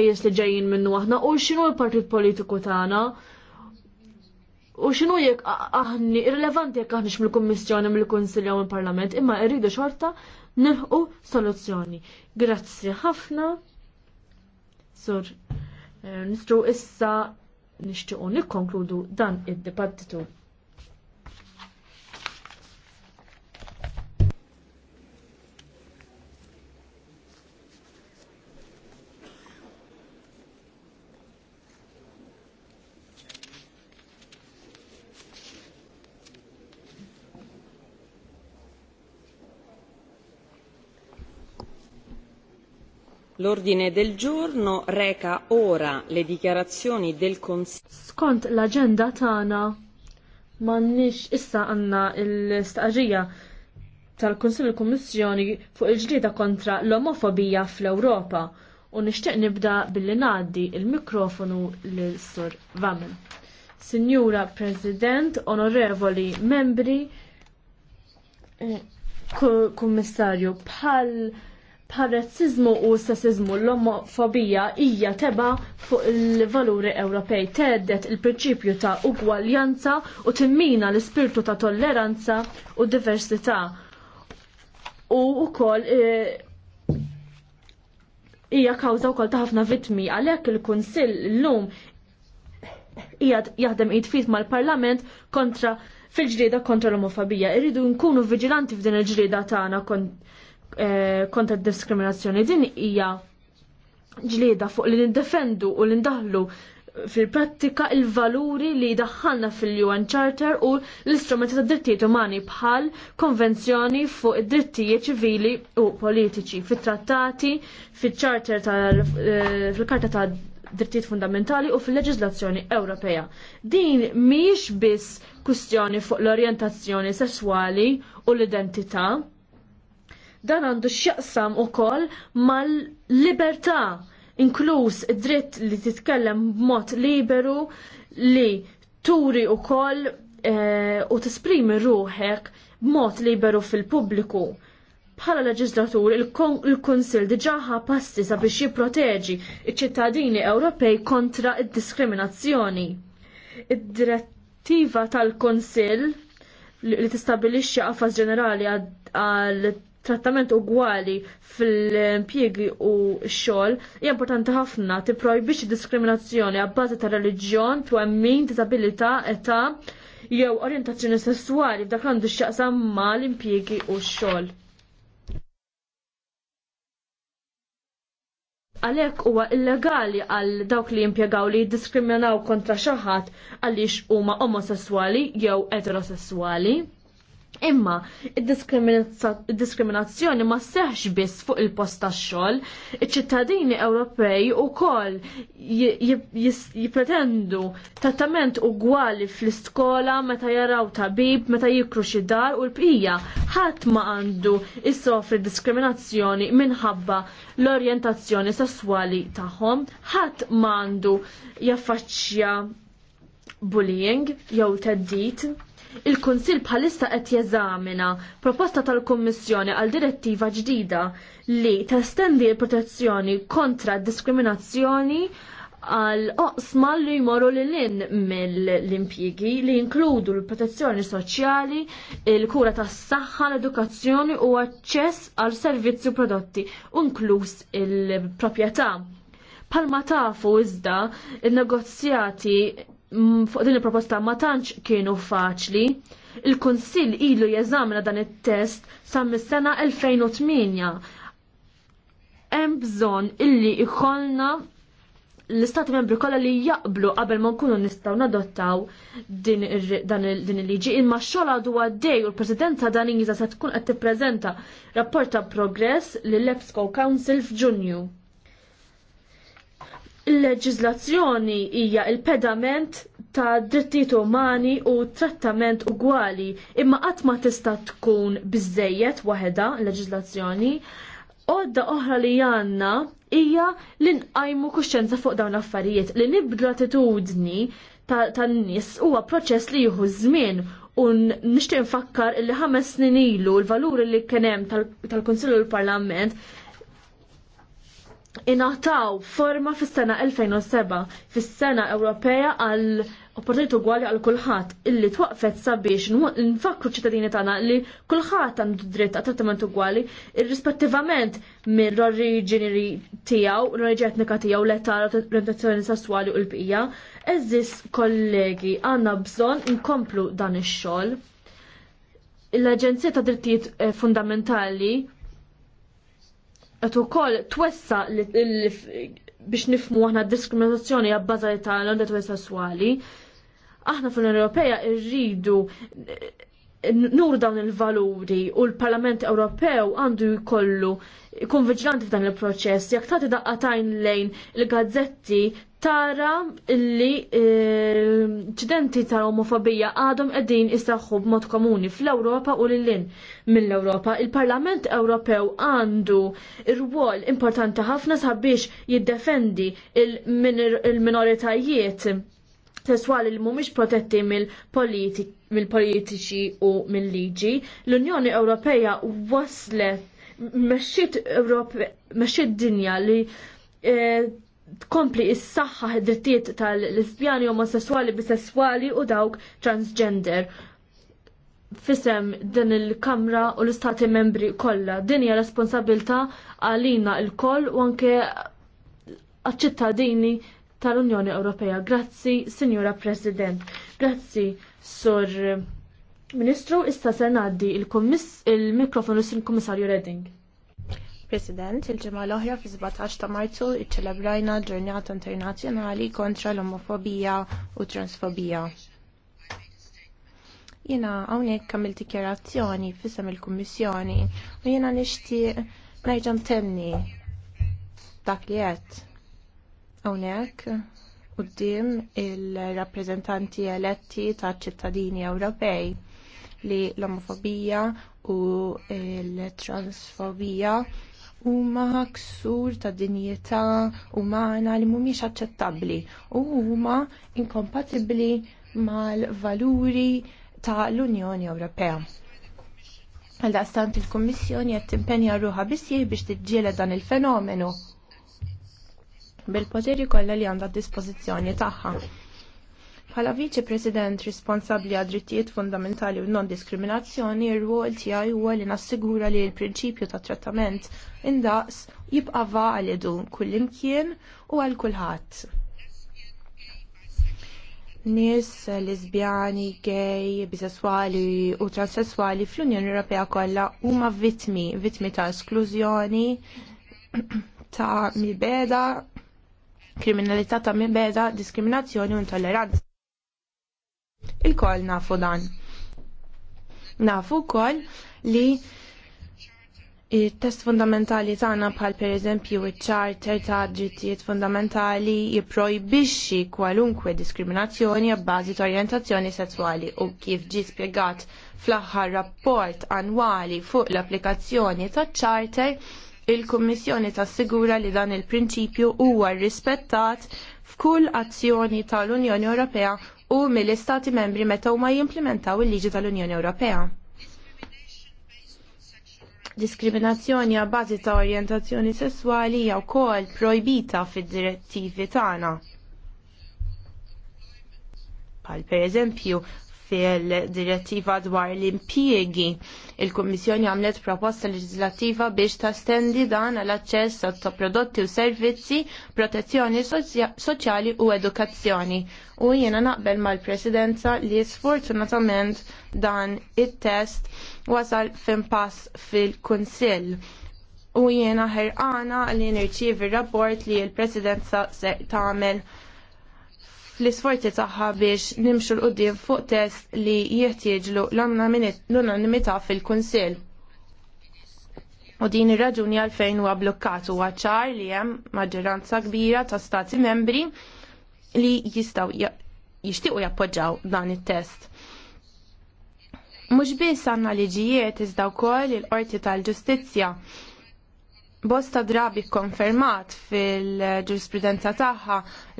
pejjeż li ġejjin minnu aħna u x'inhu l-partit politiku tagħna. U x'inhu jekk aħni irrelevanti jekk aħniex mill-Kummissjoni mill-Kunsilja u mill-Parlament, imma rridu xorta nilħu soluzzjoni. Grazzi ħafna. Sur, eh, nistru issa nixtiequ nikkonkludu dan id-dibattitu. L'ordine del giorno reca ora le dichiarazioni del Consiglio. Skont l-agenda tagħna m'għandniex issa għandna l staġija tal-Kunsill il-Kummissjoni fuq il-ġlieda kontra l-omofobija fl-Ewropa u nixtieq nibda billi ngħaddi il-mikrofonu lil Sur Vamen. Signora President, onorevoli membri, eh, Kummissarju, bħal Parazzizmu u sessizmu l-omofobija hija teba fuq il-valuri Ewropej teddet il-prinċipju ta' ugwaljanza u timmina l-ispirtu ta' tolleranza u diversità u wkoll eh, hija kawża wkoll ta' ħafna vitmi għalhekk il-Kunsill llum jaħdem id-fit mal-Parlament kontra fil-ġrieda kontra l-omofobija. Irridu nkunu vigilanti f'din il-ġrieda tagħna kont Eh, kontra diskriminazzjoni din hija ġlieda fuq li nindefendu u li ndaħlu fil-prattika il-valuri li daħħalna fil-UN Charter u l-istrumenti ta' drittijiet umani bħal konvenzjoni fuq id-drittijiet ċivili u politiċi fit-trattati, fil-charter eh, fil-karta ta' drittijiet fundamentali u fil-leġislazzjoni Ewropea. Din miex biss kustjoni fuq l-orientazzjoni sessuali u l-identità, Dan għandu x'jaqsam ukoll mal-libertà inkluż id-dritt li titkellem b'mod liberu li turi ukoll eh, u tisprimi ruħek b'mod liberu fil-pubbliku bħala leġislatur il-Kunsil diġaħa ħa passi sabiex jipproteġi iċ-ċittadini Ewropej kontra id-diskriminazzjoni. Id-direttiva tal-Kunsil li tistabilixxi għafas ġenerali għal trattament ugwali fil-impjiegi u x-xogħol hija importanti ħafna tipprojbixxi diskriminazzjoni bażi ta' reliġjon, twemmin, disabilità, età jew orjentazzjoni sessuali f'dak għandu x'jaqsam mal impjiegi u x-xogħol. għalek huwa illegali għal dawk li jimpjegaw li jiddiskriminaw kontra xaħat għaliex huma omosessuali jew eterosessuali. Imma, id-diskriminazzjoni ma seħx biss fuq il-post tax-xogħol, iċ-ċittadini Ewropej kol jipretendu trattament ugwali fl-iskola meta jaraw tabib, meta jikru xi dar u l-bqija ħadd ma għandu jsofri diskriminazzjoni minħabba l-orjentazzjoni sesswali tagħhom, ħadd ma għandu jaffaċċja bullying jew teddit Il-Kunsill bħalissa qed jeżamina proposta tal-Kummissjoni għal direttiva ġdida li testendi l-protezzjoni kontra d diskriminazzjoni għal oqsma li jmorru l-lin mill-impjigi li jinkludu l-protezzjoni soċjali, il-kura tas saħħa l-edukazzjoni u aċċess għal servizzi u prodotti, inkluż il-proprjetà. Palma tafu iżda il-negozjati Mm, fuq din il-proposta ma tantx kienu faċli. Il-Kunsill ilu jeżamina dan it-test sa mis-sena 2008. Hemm bżonn illi ikollna l-istati membri kollha li jaqblu qabel ma nkunu nistgħu nadottaw din il-liġi imma x-xogħol għadu għaddej u l-Presidenza Daniża se tkun qed tippreżenta rapport ta' progress lill-EPSCO Council f'Ġunju. Il-leġizlazzjoni hija il-pedament ta' drittijiet umani u trattament ugwali imma qatt ma tista' tkun biżejjed waħedha leġizlazzjoni. Odda oħra li għandna hija li nqajmu kuxċenza fuq dawn l-affarijiet li nibdu attitudni tan-nies huwa proċess li jieħu żmien u nishtiq nfakkar illi ħames snin ilu l-valuri li kien hemm tal-Kunsill u l-Parlament inataw forma fis-sena 2007 fis-sena Ewropea għal opportunitu ugwali għal kulħadd illi twaqfet sabiex nfakru ċittadini tagħna li kulħadd għandu dritt għal trattament ugwali irrispettivament l oriġini tiegħu, l-oriġini etnika tiegħu, l-età, l-orientazzjoni sesswali u l-bqija. Eżis kollegi għandna bżonn nkomplu dan ix-xogħol. L-Aġenzija ta' Drittijiet eh, Fundamentali għet u koll twessa biex nifmu għahna diskriminazzjoni għabbażali ta' l-għandet sessuali. Aħna fl-Unjoni Ewropea irridu nur dawn il-valuri u l-Parlament Ewropew għandu jkollu jkun viġlanti f'dan il-proċess. Jekk tagħti daqqatajn lejn il-gazzetti tara li eh, ċidenti ta' omofobija għadhom qegħdin jistaħħu b'mod komuni fl-Ewropa u lil-lin mill-Ewropa. Il-Parlament Ewropew għandu rwol importanti ħafna sabiex jiddefendi il-minoritajiet sesswali li mhumiex protetti mill-politika mill-politiċi u mill-liġi. L-Unjoni Ewropea waslet mexxiet dinja li e, tkompli s saħħa id-drittijiet tal-lesbjani, omosessuali, bisessuali u dawk transgender. Fisem din il-Kamra u l-Istati membri kollha. Din hija responsabilità għalina l-koll u anke għaċ-ċittadini tal-Unjoni Ewropea. Grazzi, Sinjura President. Grazzi. Sur Ministru, issa ser naddi il-mikrofonu il sil-Komissarju Redding. President, il-ġimgħa l-oħra fi 17 ta' Marzu iċċelebrajna ġurnata internazzjonali kontra l-omofobija u transfobija. Jiena hawnhekk kamil dikjarazzjoni fisem il-Kummissjoni u jiena nixtieq nerġa' temni dak li qed hawnhekk quddiem il-rappreżentanti eletti taċ ċittadini Ewropej li l-omofobija u l-transfobija huma ksur ta' dinjità umana li mhumiex aċċettabbli u huma inkompatibbli mal-valuri ta' l-Unjoni Ewropea. Għaldaqstant il-Kummissjoni qed timpenja ruħha biss biex tiġġieled dan il-fenomenu bil-poteri kollha li għandha dispożizzjoni tagħha. Bħala viċi President responsabbli għad drittijiet fundamentali u non-diskriminazzjoni, ir-rwol tiegħi huwa li nassigura li l-prinċipju ta' trattament indaqs jibqa' validu kullimkien u għal kulħadd. Nies lesbjani, gay, bisessuali u transessuali fl-Unjoni Ewropea kollha huma vittmi, vittmi ta' esklużjoni, ta' mibeda kriminalità ta' mibeda, diskriminazzjoni u intolleranza. Il-kol nafu dan. Nafu kol li il-test fundamentali tagħna bħal pereżempju iċ-charter ta' drittijiet fundamentali jipprojbixxi kwalunkwe diskriminazzjoni bbażi ta' orjentazzjoni sesswali u kif ġie spjegat fl-aħħar rapport annwali fuq l-applikazzjoni taċ-charter il-Kummissjoni tassigura li dan il-prinċipju huwa rrispettat f'kull azzjoni tal-Unjoni Ewropea u mill-Istati membri meta huma jimplementaw il-liġi tal-Unjoni Ewropea. Diskriminazzjoni għal bażi ta' orjentazzjoni sesswali hija wkoll projbita fid-direttivi tagħna. Pal pereżempju fil-direttiva dwar l-impjiegi. Il-Kummissjoni għamlet proposta legislativa biex tastendi dan għal aċċess ta' prodotti u servizzi, protezzjoni soċjali u edukazzjoni. U jiena naqbel mal-Presidenza li sfortunatament dan it-test wasal f'impass fil-Kunsill u jiena ħerqana li nirċievi rapport li l-Presidenza se tagħmel ta fl-isforzi tagħha biex nimxu l-qudiem fuq test li jeħtieġlu l-unanimità fil-Kunsill. U din ir-raġuni għalfejn huwa blokkat huwa ċar li hemm maġġoranza kbira ta' stati membri li jistgħu jixtiequ jappoġġaw dan it-test. Mhux biss għandna liġijiet iżda wkoll il-qorti tal-ġustizzja bosta drabi konfermat fil-ġurisprudenza tagħha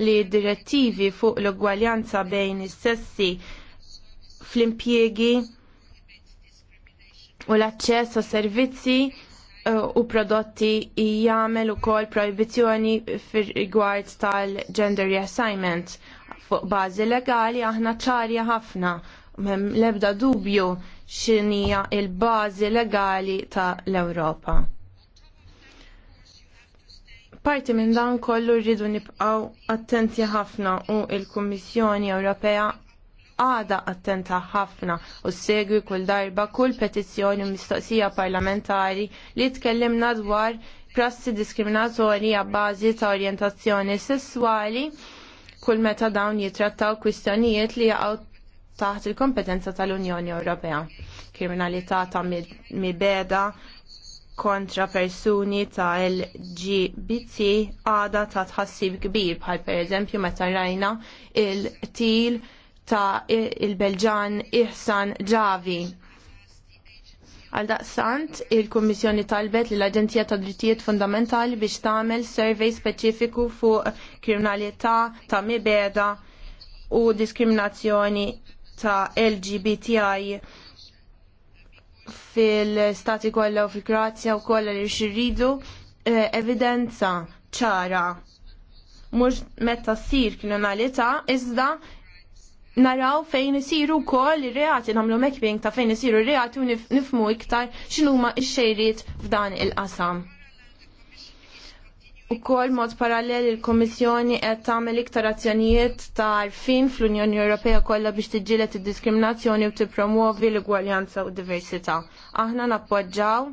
li d direttivi fuq l-ugwaljanza bejn is-sessi fl-impjiegi u l-aċċess għas servizzi eh, u prodotti jagħmel ukoll proibizzjoni fir-rigward tal-gender reassignment fuq bażi legali aħna ċarja ħafna l-ebda dubju x'inhija l bażi legali tal ewropa Parti minn dan kollu rridu nibqaw attenti ħafna u il-Kummissjoni Ewropea għada attenta ħafna u segwi kull darba kull petizzjoni u mistoqsija parlamentari li tkellimna dwar prassi diskriminatorji għabbażi ta' orjentazzjoni sessuali kull meta dawn jitrattaw kwistjonijiet li jaqgħu taħt il-kompetenza tal-Unjoni Ewropea. Kriminalità ta' mibeda, kontra persuni ta' LGBT għada ta' tħassib kbir bħal per eżempju meta rajna il-til ta' il-Belġan Ihsan Ġavi. Għaldaqsant, il-Kommissjoni talbet li l-Aġenzija ta' Drittijiet Fundamentali biex tagħmel survey speċifiku fuq kriminalità ta' mibeda u diskriminazzjoni ta' LGBTI fil-stati kollha u fil-Kroazja u kollha li xirridu eh, evidenza ċara mhux meta ssir kriminalità iżda naraw fejn isiru wkoll ir-reati nagħmlu mekbing ta' fejn isiru ir-reati u nifmu iktar x'inhuma ix xejriet f'dan il-qasam kol mod parallel il-Komissjoni qed tagħmel iktar azzjonijiet ta' għarfien fl-Unjoni Ewropea kollha biex tiġġieled id-diskriminazzjoni u tippromuovi l-ugwaljanza u diversità. Aħna nappoġġaw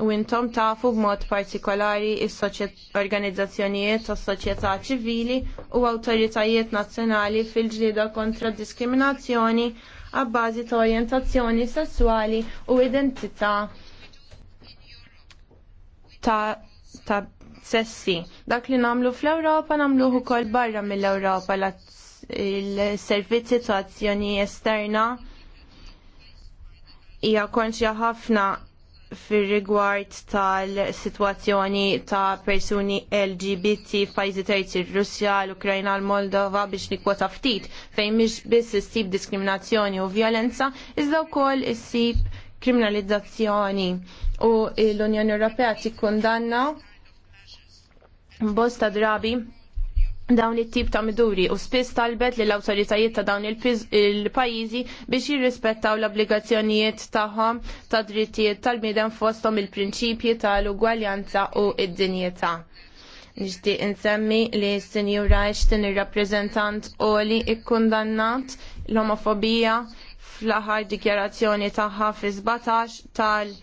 u intom tafu b'mod partikolari is-organizzazzjonijiet tas-soċjetà ċivili u awtoritajiet nazzjonali fil-ġlieda kontra d diskriminazzjoni għabbażi ta' orjentazzjoni sessuali u identità ta' ta' sessi. Dak li namlu fl-Ewropa namluħu kol barra mill-Ewropa il-servizzi ta' azzjoni esterna hija konċja ħafna fir rigward tal-situazzjoni ta' persuni LGBT f'pajjiżi terzi r-Russja, l-Ukrajna, l-Moldova biex nikwota ftit fejn mhix biss issib diskriminazzjoni u vjolenza, iżda wkoll issib kriminalizzazzjoni u l-Unjoni Ewropea tikkundanna bosta drabi dawn it-tip ta' miduri u spiss talbet li l-awtoritajiet ta' dawn il-pajjiżi biex jirrispettaw l-obbligazzjonijiet tagħhom ta' drittijiet tal bidem fosthom il-prinċipji tal-ugwaljanza u id dinjità Nixtieq insemmi li s-Sinjura Ashton ir-rappreżentant Oli ikkundannat l-omofobija fl-aħħar dikjarazzjoni tagħha fi 17 tal-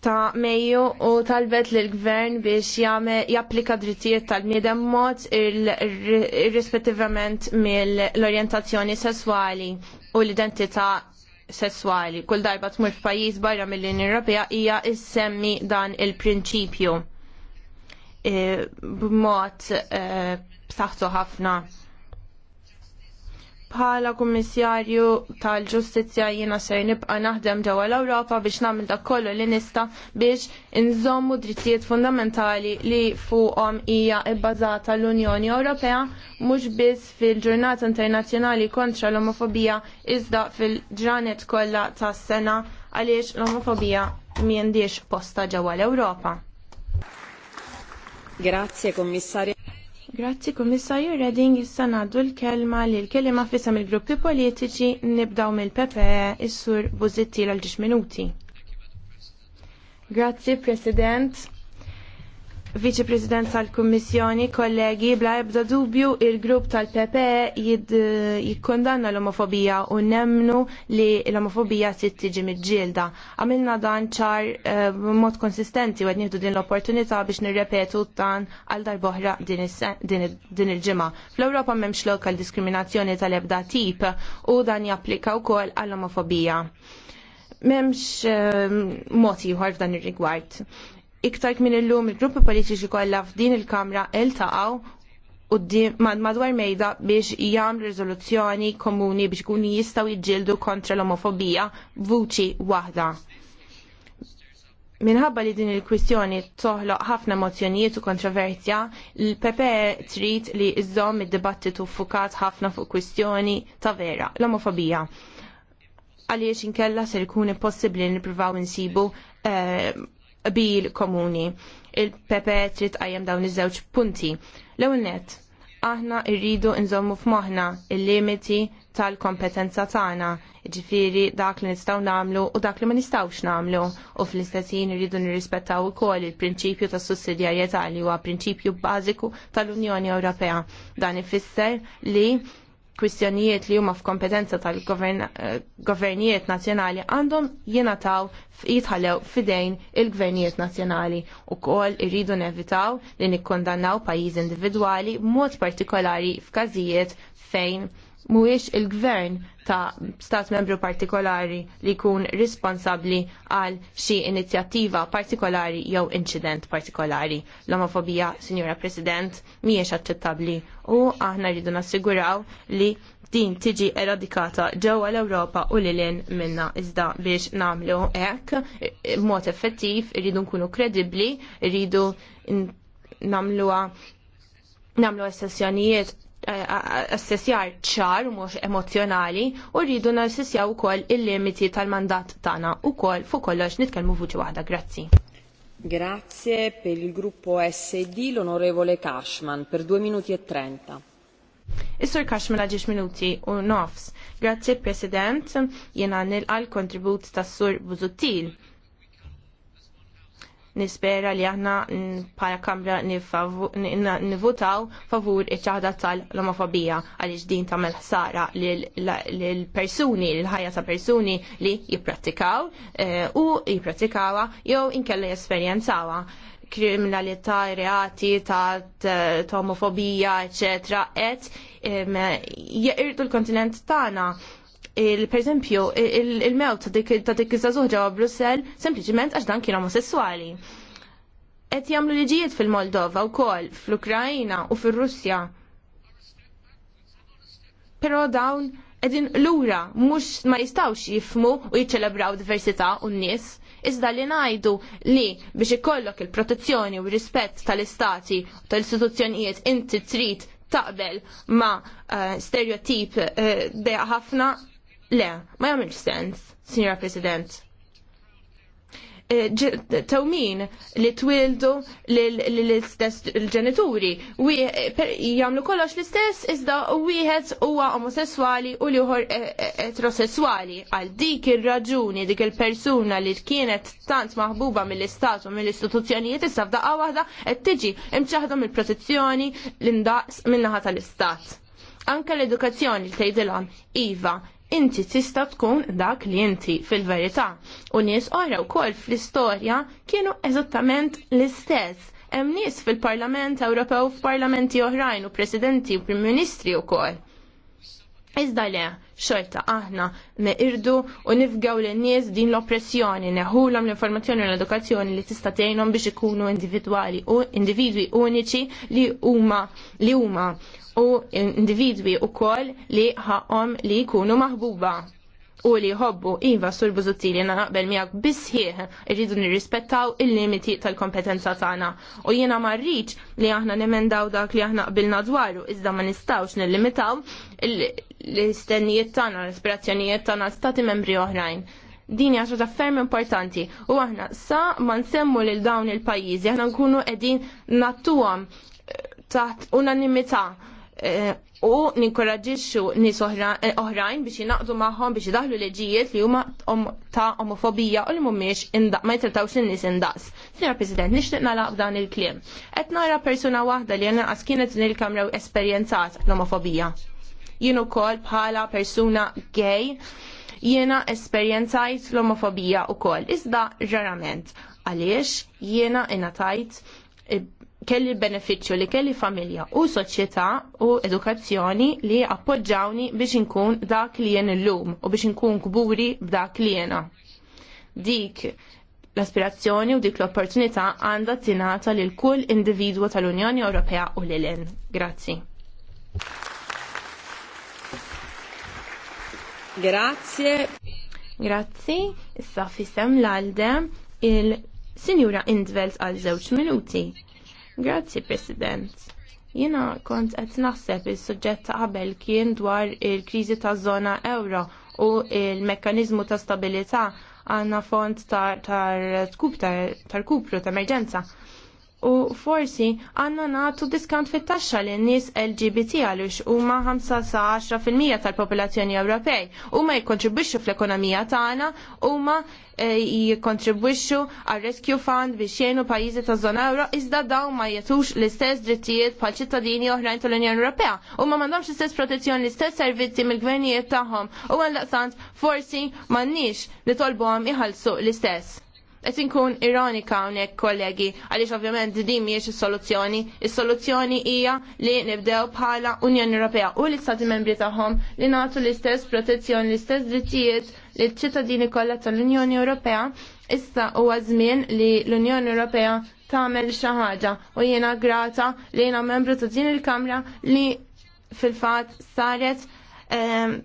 ta' Mejju u talbet l gvern biex japplika drittijiet tal-bniedem mod irrispettivament mill-orjentazzjoni sesswali u l-identità sesswali. Kull darba tmur f'pajjiż barra mill-Unjoni Ewropea hija issemmi dan il-prinċipju eh, b'mod eh, b'saħħtu ħafna bħala kummissarju tal-ġustizzja jiena ser nibqa' naħdem ġewwa l-Ewropa biex nagħmel dak kollu li nista' biex inżommu drittijiet fundamentali li fuqhom hija bbażata l-Unjoni Ewropea mhux biss fil-Ġurnata Internazzjonali kontra l-Omofobija iżda fil-ġranet kollha tas-sena għaliex l-omofobija m'għandix posta ġewwa l-Ewropa. Grazie Kommissarja. Grazzi Komissarju Redding issa ngħaddu l-kelma li l-kelima fissam il-gruppi politiċi nibdaw mill-PPE is-sur Bużitti l ġiex minuti. Grazzi President. Viċi President tal-Kummissjoni, kollegi, bla ebda dubju il-grupp tal-PPE jikkondanna l-omofobija u nemnu li l-omofobija tiġi mid-ġilda. Għamilna dan ċar eh, mod konsistenti u għedniħdu din l-opportunità biex nirrepetu tan għal darboħra din il-ġimma. Fl-Europa memx lokal diskriminazzjoni tal-ebda tip u dan japplika u kol għall-omofobija. Memx eh, moti ħarf dan ir-rigward iktar minn illum il-gruppi politiċi kollha f'din il-Kamra iltaqgħu madwar mejda biex jagħmlu riżoluzzjoni komuni biex kunu jistgħu jiġġieldu kontra l-omofobija vuċi waħda. Minħabba li din il-kwistjoni toħloq ħafna mozzjonijiet u kontroversja, l ppe trid li iżom id-dibattitu fukat ħafna fuq kwistjoni ta' vera, l-omofobija. Għaliex inkella ser ikun possibli nippruvaw insibu eh, qbil komuni. Il-Pepe trid qajjem dawn iż-żewġ punti. L-ewwel nett, aħna rridu nżommu f'moħħna il-limiti tal-kompetenza tagħna, ġifiri dak li nistgħu nagħmlu u dak li ma nistgħux nagħmlu u fl istessin irridu nirrispettaw ukoll il-prinċipju tas sussidjarjetà li huwa prinċipju bażiku tal-Unjoni Ewropea. Dan ifisser li kwistjonijiet li huma f'kompetenza tal eh, gvernijiet nazzjonali għandhom jingħataw jitħallew fidejn il-gvernijiet nazzjonali u kol irridu nevitaw li nikkondannaw pajjiż individwali b'mod partikolari f'każijiet fejn mhuwiex il-gvern ta' stat membru partikolari li jkun responsabbli għal xi inizjattiva partikolari jew inċident partikolari. L-omofobija, Sinjora President, mhijiex aċċettabbli u aħna rridu nassiguraw li din tiġi eradikata ġewwa l-Ewropa u lilin minna iżda biex nagħmlu hekk b'mod effettiv rridu nkunu kredibbli, rridu nagħmluha nagħmlu sessjonijiet Eh, assessjar ċar u mhux emozjonali u rridu nassessjaw ukoll il-limiti tal-mandat tagħna ukoll fuq kollox nitkellmu vuċi waħda. Grazzi. Grazie per il gruppo SD l'onorevole Cashman per 2 minuti e 30. Is-Sur Cashman għal minuti u nofs. Grazie President, jena nilqa l-kontribut tas-Sur Busuttil nispera li aħna bħala kamra nivutaw favur iċ-ċaħda tal-omofobija għaliex din tagħmel ħsara lil persuni l-ħajja ta' persuni li jipprattikaw eh, u jipprattikawa jew inkella jesperjenzawa kriminalità, reati ta' omofobija, eccetera, et eh, jirdu l-kontinent tagħna per eżempju, il-mewt ta' dik iż-żagħżugħ ġewwa Brussell sempliciment għax dan kien omosessuali. Qed jagħmlu liġijiet fil-Moldova wkoll, fl ukrajina u fir-Russja. Però dawn qegħdin lura mhux ma jistgħux jifmu u jiċċelebraw diversità u n-nies iżda li najdu li biex ikollok il-protezzjoni u rispett tal-istati u tal-istituzzjonijiet inti trid taqbel ma uh, eh, stereotip uh, eh, ħafna Le, ma jamilx sens, Signora President. E, tawmin li twildu l-istess l ġenituri jamlu e, jagħmlu kollox l-istess iżda wieħed huwa omosessuali u liħor e, eterosessuali għal dik ir-raġuni dik il-persuna li kienet tant maħbuba mill-istat u mill-istituzzjonijiet issa f'daqqa waħda qed tiġi imċaħdhom il-protezzjoni l-indaqs min-naħa tal-istat anka l-edukazzjoni li tgħidilhom iva inti tista' tkun dak li inti fil-verità. U nies oħra wkoll fl-istorja kienu eżattament l-istess. Hemm nies fil-Parlament Ewropew f'parlamenti oħrajn u presidenti u prim ministri wkoll. Iżda le, xorta aħna neqirdu u nifgaw l nies din l-oppressjoni, neħulhom l-informazzjoni u l-edukazzjoni li tista' tgħinhom biex ikunu individwali u individwi uniċi li huma li huma u individwi u kol li ħaqom li jkunu maħbuba u li jħobbu iva sur na naqbel miegħek bisħieħ irridu nirrispettaw il-limiti tal-kompetenza tagħna. U jiena marriċ li aħna nemendaw dak li aħna qbilna dwaru iżda ma nistgħux nillimitaw l-istennijiet tagħna, l-ispirazzjonijiet tagħna stati membri oħrajn. Dini għaxa ta' ferm importanti u aħna sa ma nsemmu lil dawn il-pajjiżi aħna nkunu qegħdin nattuhom taħt unanimità Eh, u ninkoraġixxu nies eh, oħrajn biex jinaqdu magħhom biex jidaħlu leġijiet li huma ta' omofobija u li mhumiex ma jitratawx in-nies indaqs. Sinjor President, nixtieq nagħlaq dan il-kliem. Qed nara persuna waħda li għanqas kienet din il-kamra u esperjenzat l-omofobija. Jien ukoll bħala persuna gay jiena esperjenzajt l-omofobija ukoll, iżda rarament. Għaliex jiena inatajt eh, kelli beneficju li kelli familja u soċjetà u edukazzjoni li appoġġawni biex inkun dak li jen illum u biex inkun kburi b'dak li jena. Dik l-aspirazzjoni u dik l-opportunità għandha tingħata l kull individwa tal-Unjoni Ewropea u lil Grazzi. Grazie. Grazzi. Issa fissem l-għalde il-Sinjura Indvelt għal żewġ minuti. Grazzi, President. Jina kont qed naħseb is suġġett ta' qabel kien dwar il-kriżi ta' zona euro u il-mekkanizmu ta' stabilità għandna fond tar-kupru ta', ta, ta, ta emerġenza u forsi għanna natu diskant fit-taxxa li nies LGBT għalux u ma 5 sa 10% tal-popolazzjoni Ewropej u ma jikontribwixxu fl-ekonomija tagħna u ma eh, jikontribwixxu għal Rescue Fund biex jenu pajjiżi ta' żona euro iżda daw ma jetux l-istess drittijiet bħal ċittadini oħrajn tal-Unjoni Ewropea u ma m'għandhomx l-istess protezzjoni l-istess servizzi mill-gvernijiet tagħhom u għal forsi m'għandniex li tolbuhom iħallsu l-istess qed inkun ironika hawnhekk kollegi għaliex ovvjament din mhijiex is-soluzzjoni. Is-soluzzjoni hija li nibdew bħala Unjoni Ewropea u l-Istati Membri tagħhom li nagħtu l-istess protezzjoni, l-istess drittijiet li ċittadini kollha tal-Unjoni Ewropea. Issa huwa żmien li l-Unjoni Ewropea tagħmel xi ħaġa u jiena grata li jiena membru ta' din il-Kamra li fil-fatt saret ehm,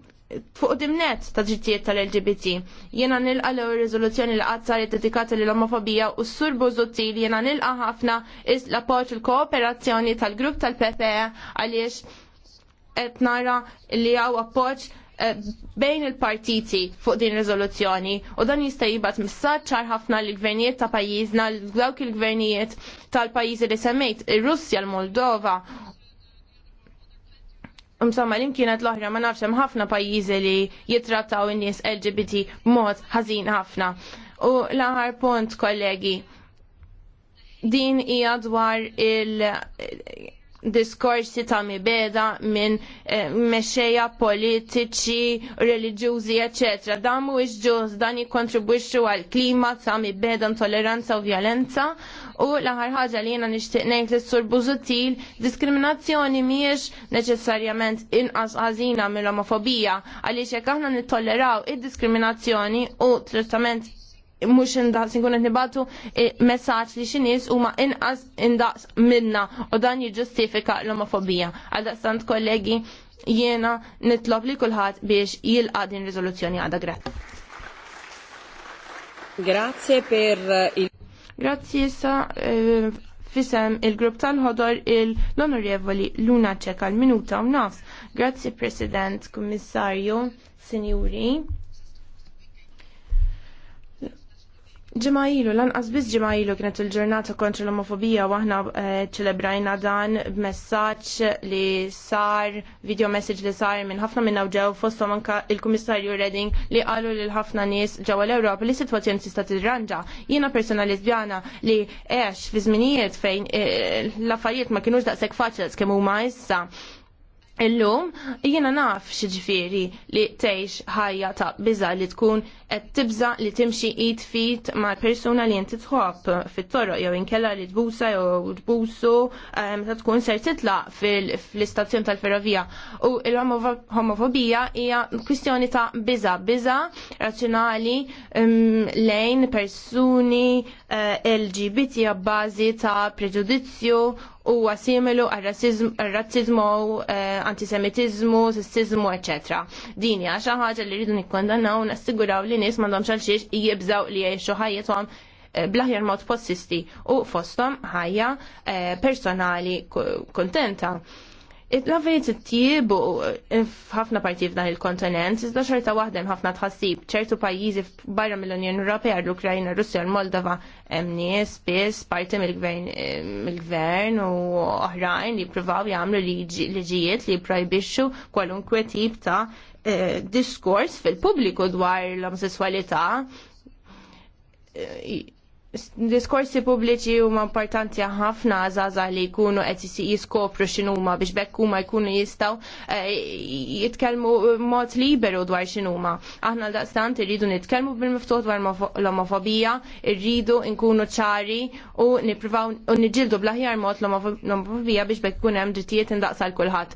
fuq dimnet ta' ġittijiet tal-LGBT. Jena nilqa l rizoluzzjoni li għazzar dedikata l omofobija u s-sur Buzutil jena nilqa ħafna is l-appoġġ il-kooperazzjoni tal-grupp tal-PPE għaliex qed nara li hawn appoġġ eh, bejn il-partiti fuq din riżoluzzjoni u dan jista' jibgħat messaġġ ċar ħafna lill gvernijiet ta' pajjiżna dawk il-gvernijiet tal-pajjiżi li semmejt ir-Russja, l-Moldova Msamma l kienet l-oħra ma nafxem ħafna pajjiżi li jitrattaw in-nies LGBT mod ħażin ħafna. U l-aħar punt, kollegi, din hija dwar il diskorsi ta' mibeda minn eh, politiċi, reliġjużi, ecc. Dan mhuwiex ġuż dan jikkontribwixxu għal klima ta' mibeda intoleranza u vjolenza. U l-aħħar ħaġa li jiena nixtieq ngħid sur buzutil, diskriminazzjoni mhijiex neċessarjament inqas għazina mill-omofobija għaliex xekaħna aħna nittolleraw id-diskriminazzjoni u trattament mux indaqs nkun qed nibatu e, messaġġ li xi nies huma inqas indaqs minna u dan jiġġustifika l-omofobija. Għal daqstant kollegi jiena nitlob li kulħadd biex jilqa' din riżoluzzjoni għadha grat. Grazie per il Grazie sa e, fisem il-grupp tal-ħodor l-onorevoli Luna ċeka l-minuta u nafs. Grazie President, Kummissarju, Sinjuri. Ġemajlu, lanqas biss ġemajlu kienet il-ġurnata kontra l-omofobija u aħna eh, ċelebrajna dan b'messaġġ li sar, video message li sar minn ħafna minna ġew fostom anka il-Kummissarju Redding li qalu lil ħafna nies ġewwa l-Ewropa li sitwazzjoni tista' tirranġa. Jiena persona lesbjana li għex fi żminijiet fejn eh, l-affarijiet ma kinux daqshekk faċli kemm huma issa Illum, jiena naf xieġifiri li teħx ħajja ta' biza li tkun qed tibza li timxi id fit ma' persuna li jinti tħob fit-toro jew inkella li tbusa jew tbusu eh, ta tkun ser titla fl-istazzjon tal-ferrovija. U il-homofobija hija kwistjoni ta' biza, biza razzjonali mm, lejn persuni eh, LGBT bażi ta' preġudizzju huwa similu għal-razzizmu, eh, antisemitizmu, sessizmu, etc. Dini għaxa ħaġa li rridu nikkondannaw nassiguraw li nis m'għandhom xalxiex jibżaw li jgħixu ħajetom eh, blaħjar mod possisti u fostom ħajja eh, personali kontenta. L-affarijiet ittiebu eh, f'ħafna parti f'dan il-kontinent, iżda xorta waħdem ħafna tħassib ċertu pajjiżi barra mill-Unjoni Ewropea l-Ukrajna, Russja, l-Moldova hemm nies biss parti mill-gvern eh, u oħrajn li jippruvaw jagħmlu liġijiet li jipprojbixxu kwalunkwe tip ta' eh, diskors fil-pubbliku dwar l-omsessualità diskorsi pubbliċi huma importanti ħafna żgħażagħ li jkunu qed jiskopru x'inhuma biex bekk huma jkunu jistgħu eh, jitkellmu mod liberu dwar x'inhuma. Aħna daqstant irridu nitkellmu bil-miftuħ dwar l-omofobija, irridu nkunu ċari u nippruvaw u niġġieldu bl-aħjar mod l-omofobija biex bekk ikun hemm drittijiet indaqsal kulħadd.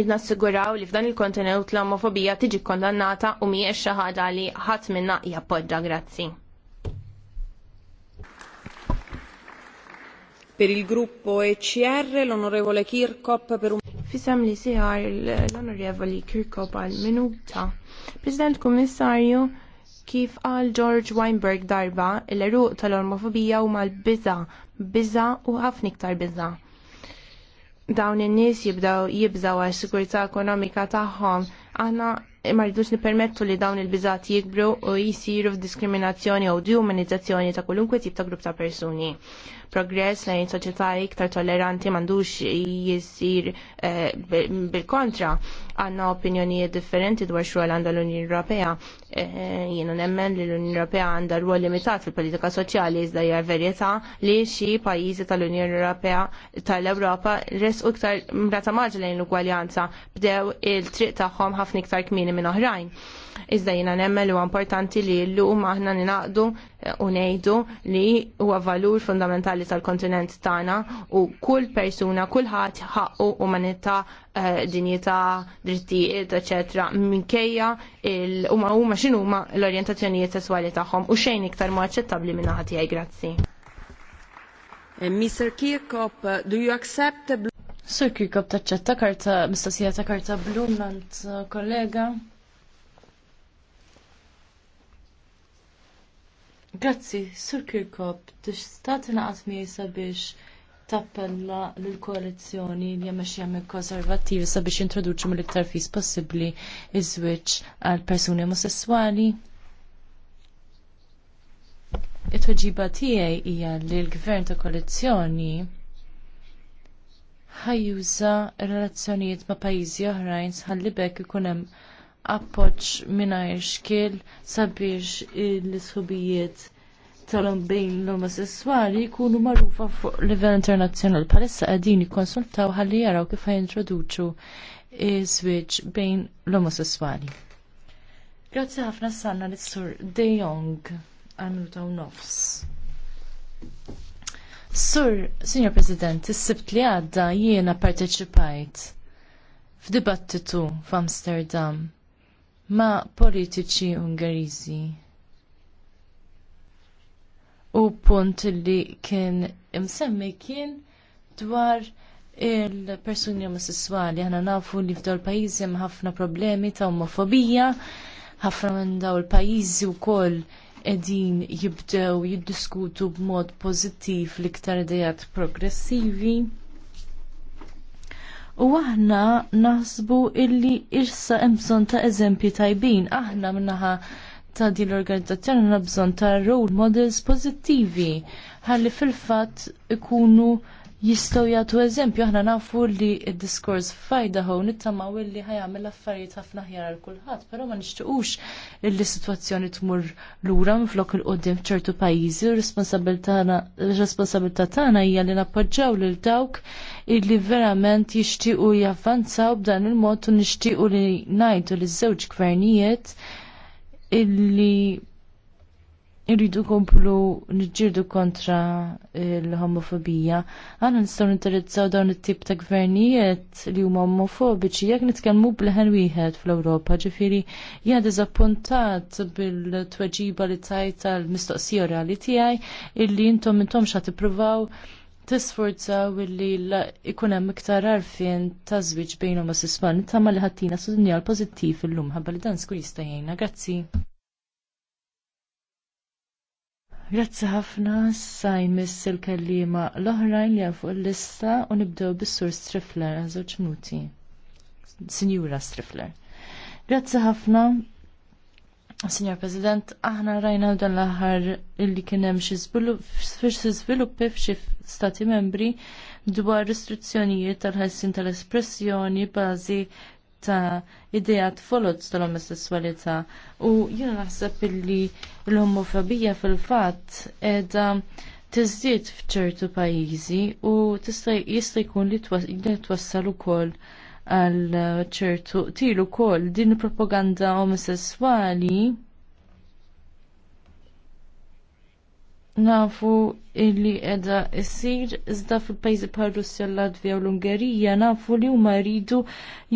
Id nassiguraw li f'dan il-kontenut l-omofobija tiġi kondannata u mhijiex xi ħaġa li ħadd minna jappoġġa grazzi. Per il gruppo ECR l'onorevole Kirkop per un... Fisem li siħar l-onorevoli Kirkop għal minuta. President Kommissarju, kif għal George Weinberg darba, l-eruq tal-ormofobija u mal-biza, biza u ħafna iktar biza. Dawn in-nies jibdaw jibżaw għal sigurtà ekonomika tagħhom. Aħna marridux rridux nipermettu li dawn il-biżat jikbru u jisiru f'diskriminazzjoni u diumanizzazzjoni ta' kolunkwe tip ta' grupp ta' persuni progress lejn soċjetà iktar tolleranti m'għandux jisir eh, bil-kontra għandna opinjonijiet differenti dwar xogħol għandha l-Unjoni Ewropea. Eh, Jienu nemmen li l-Unjoni Ewropea għandha rwol limitat fil-politika soċjali iżda hija verjetà li xi pajjiżi tal-Unjoni Ewropea tal-Ewropa resqu iktar mrata maġ lejn l-ugwaljanza bdew il-triq tagħhom ħafna iktar kmieni minn oħrajn. Iżda jina nemmel u importanti li l-lum aħna ninaqdu eh, u nejdu li huwa valur fundamentali tal-kontinent tagħna u kull persuna, kull ħat ħaqqu umanità, eh, dinjità, drittijiet, eċetera, minkejja huma huma x'inhu huma l orientazzjonijiet sesswali tagħhom u xejn iktar ma aċċettabbli minn ħadd tiegħi grazzi. Eh, Mr. Kirkop, do you accept the Sir Kirkop taċċetta karta mistoqsija ta' karta blu nant kollega. Grazzi, Sur Kirkop, tista' tingħaqad miegħi sabiex tappella lill koalizzjoni li hemm xi konservativi konservattivi sabiex introduċu mill-iktar fis possibbli iż-żwieġ għal persuni omosessuali it-tweġiba tiegħi hija li l-gvern ta' koalizzjoni ħajjuża r relazzjonijiet ma' pajjiżi oħrajn ħalli bekk ikun hemm appoġġ mingħajr xkiel sabiex l-isħubijiet talon bejn l-omosessuali jkunu magħrufa fuq livell internazzjonal. bħalissa qegħdin jikkonsultaw ħalli jaraw kif jintroduċu żwieġ bejn l-omosessuali. Grazzi ħafna sanna lis sur De Jong għamlu taw nofs. Sur, Signor President, is-sibt li għadda jiena parteċipajt f'dibattitu f'Amsterdam ma' politiċi Ungeriżi. U punt li kien imsemmi kien dwar il-persuni omosessuali. Għana nafu li f'dawl pajizi hemm ħafna problemi ta' omofobija, ħafna minn daw il-pajizi wkoll qegħdin jibdew jiddiskutu b'mod pożittiv l-iktar idejat progressivi. U aħna naħsbu illi issa hemm bżonn ta' eżempji tajbin, aħna minnaħa ta' din l-organizzazzjoni għandna bżonn ta' role models pozittivi ħalli fil-fatt ikunu jistgħu jagħtu eżempju aħna nafu li d-diskors f'Idaho nittamaw li ħajamel affarijiet ħafna ħjar għal kulħadd, però ma nixtiequx li situazzjoni tmur lura mflok il-qudiem f'ċertu pajjiżi, responsabilità tagħna hija li nappoġġaw lil dawk illi verament jixtiequ javvanzaw b'dan il-mod u nixtiequ li ngħidu li żewġ gvernijiet illi irridu komplu nġirdu kontra l-homofobija. Għana nistaw ninterizzaw dawn it-tip ta' gvernijiet li huma homofobiċi jekk nitkellmu bleħen wieħed fl-Ewropa, ġifieri hija diżappuntat bil-tweġiba li tajt tal-mistoqsija reali tiegħi illi intom intom xa tippruvaw u illi ikun hemm iktar arfien ta' żwieġ bejn omosessuali ma li ħattina sudinjal pożittiv illum ħabba li dan skur jista' jgħinna. Grazzi. Grazzi ħafna sajmis il-kellima l-oħrajn li għafu il-lista u nibdew bis-sur Strifler għażewġ minuti. Sinjura Strifler. Grazzi ħafna. Signor President, aħna rajna dan l-aħħar illi kien hemm xi żviluppi f'xi stati membri dwar restrizzjonijiet tal-ħessin tal-espressjoni bażi ta' idejat folot tal omosessualita u jiena naħseb illi l-homofobija fil-fatt edha tiżdied f'ċertu pajjiżi u tista' jista' jkun li twassal ukoll għal ċertu tilu kol din propaganda omosessuali nafu illi edha issir iżda fil-pajzi bħal Russja l-Latvija u l-Ungerija nafu li huma jridu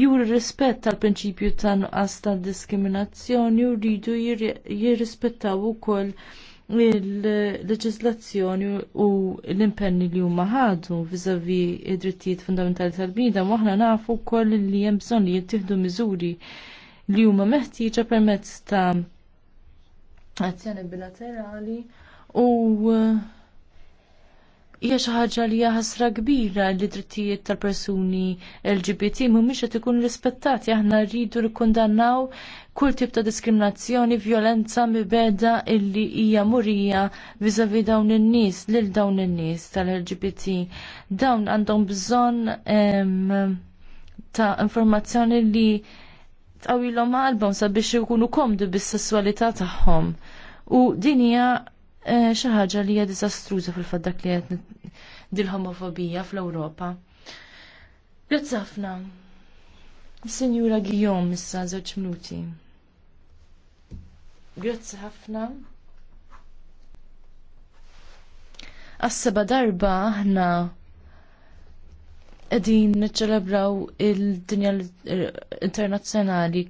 juri rispett tal prinċipju ta' nuqqas ta' diskriminazzjoni u rridu jirrispettaw ukoll il-leġislazzjoni u l-impenni li huma ħadu viżavi id-drittijiet fundamentali tal bida u aħna nafu wkoll li hemm bżonn li jittieħdu miżuri li huma meħtieġa permezz ta' azzjoni bilaterali u eh, hija xi ħaġa li hija ħasra kbira li drittijiet tal-persuni LGBT mhumiex qed ikun rispettati aħna rridu nikkundannaw kull tip ta' diskriminazzjoni, violenza mibeda illi hija murija viżavi dawn in-nies lil dawn in-nies tal-LGBT. Dawn għandhom bżonn ta' informazzjoni li tqawilhom qalbhom sabiex ikunu komdu bis-sesswalità tagħhom. U dinja Eh, xi ħaġa li hija diżastruża fil faddak li qed dil-homofobija fl-Ewropa. Grazzi ħafna. Sinjura Gijom issa żewġ minuti. Grazzi ħafna. Għas-seba darba aħna qegħdin niċċelebraw il-dinja internazzjonali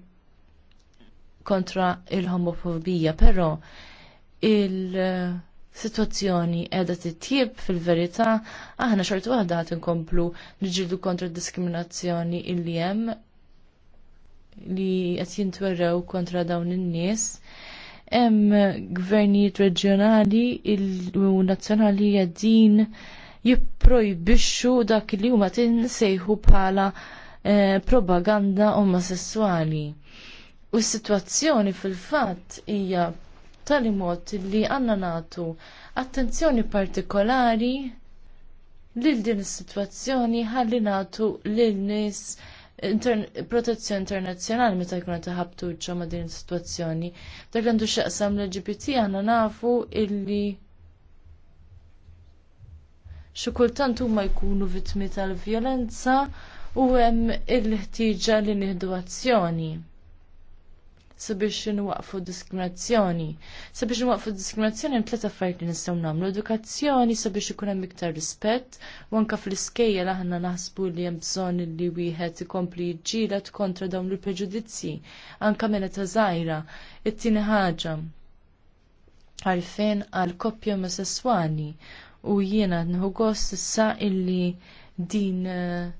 kontra il-homofobija, però il-situazzjoni edha titjib fil-verità, aħna xortu waħda għat nkomplu nġildu kontra diskriminazzjoni illi jem li qed jintwerrew kontra dawn in-nies. Hemm gvernijiet reġjonali u nazzjonali qegħdin jipprojbixxu dak li huma tinsejħu bħala eh, propaganda omosessuali. U s-sitwazzjoni fil-fatt hija b'tali mod li għandna nagħtu attenzjoni partikolari lil din is-sitwazzjoni ħalli nagħtu lil nies protezzjoni internazzjonali meta jkun qed iħabtu ma' din is-sitwazzjoni. Dak għandu x'aqsam l-LGBT aħna nafu illi xi kultant huma jkunu vittmi tal-vjolenza u hemm il-ħtieġa li nieħdu azzjoni sabiex nwaqfu diskriminazzjoni. Sabiex nwaqfu diskriminazzjoni hemm tliet affarijiet li nistgħu nagħmlu. Edukazzjoni sabiex ikun hemm iktar rispett u anke fl-iskejjel aħna naħsbu li hemm bżonn li wieħed ikompli jġielet kontra dawn il-preġudizzji anke mela ta' żgħira. It-tieni ħaġa għalfejn għal koppja omosessuali u jiena nħu gost issa illi din eh,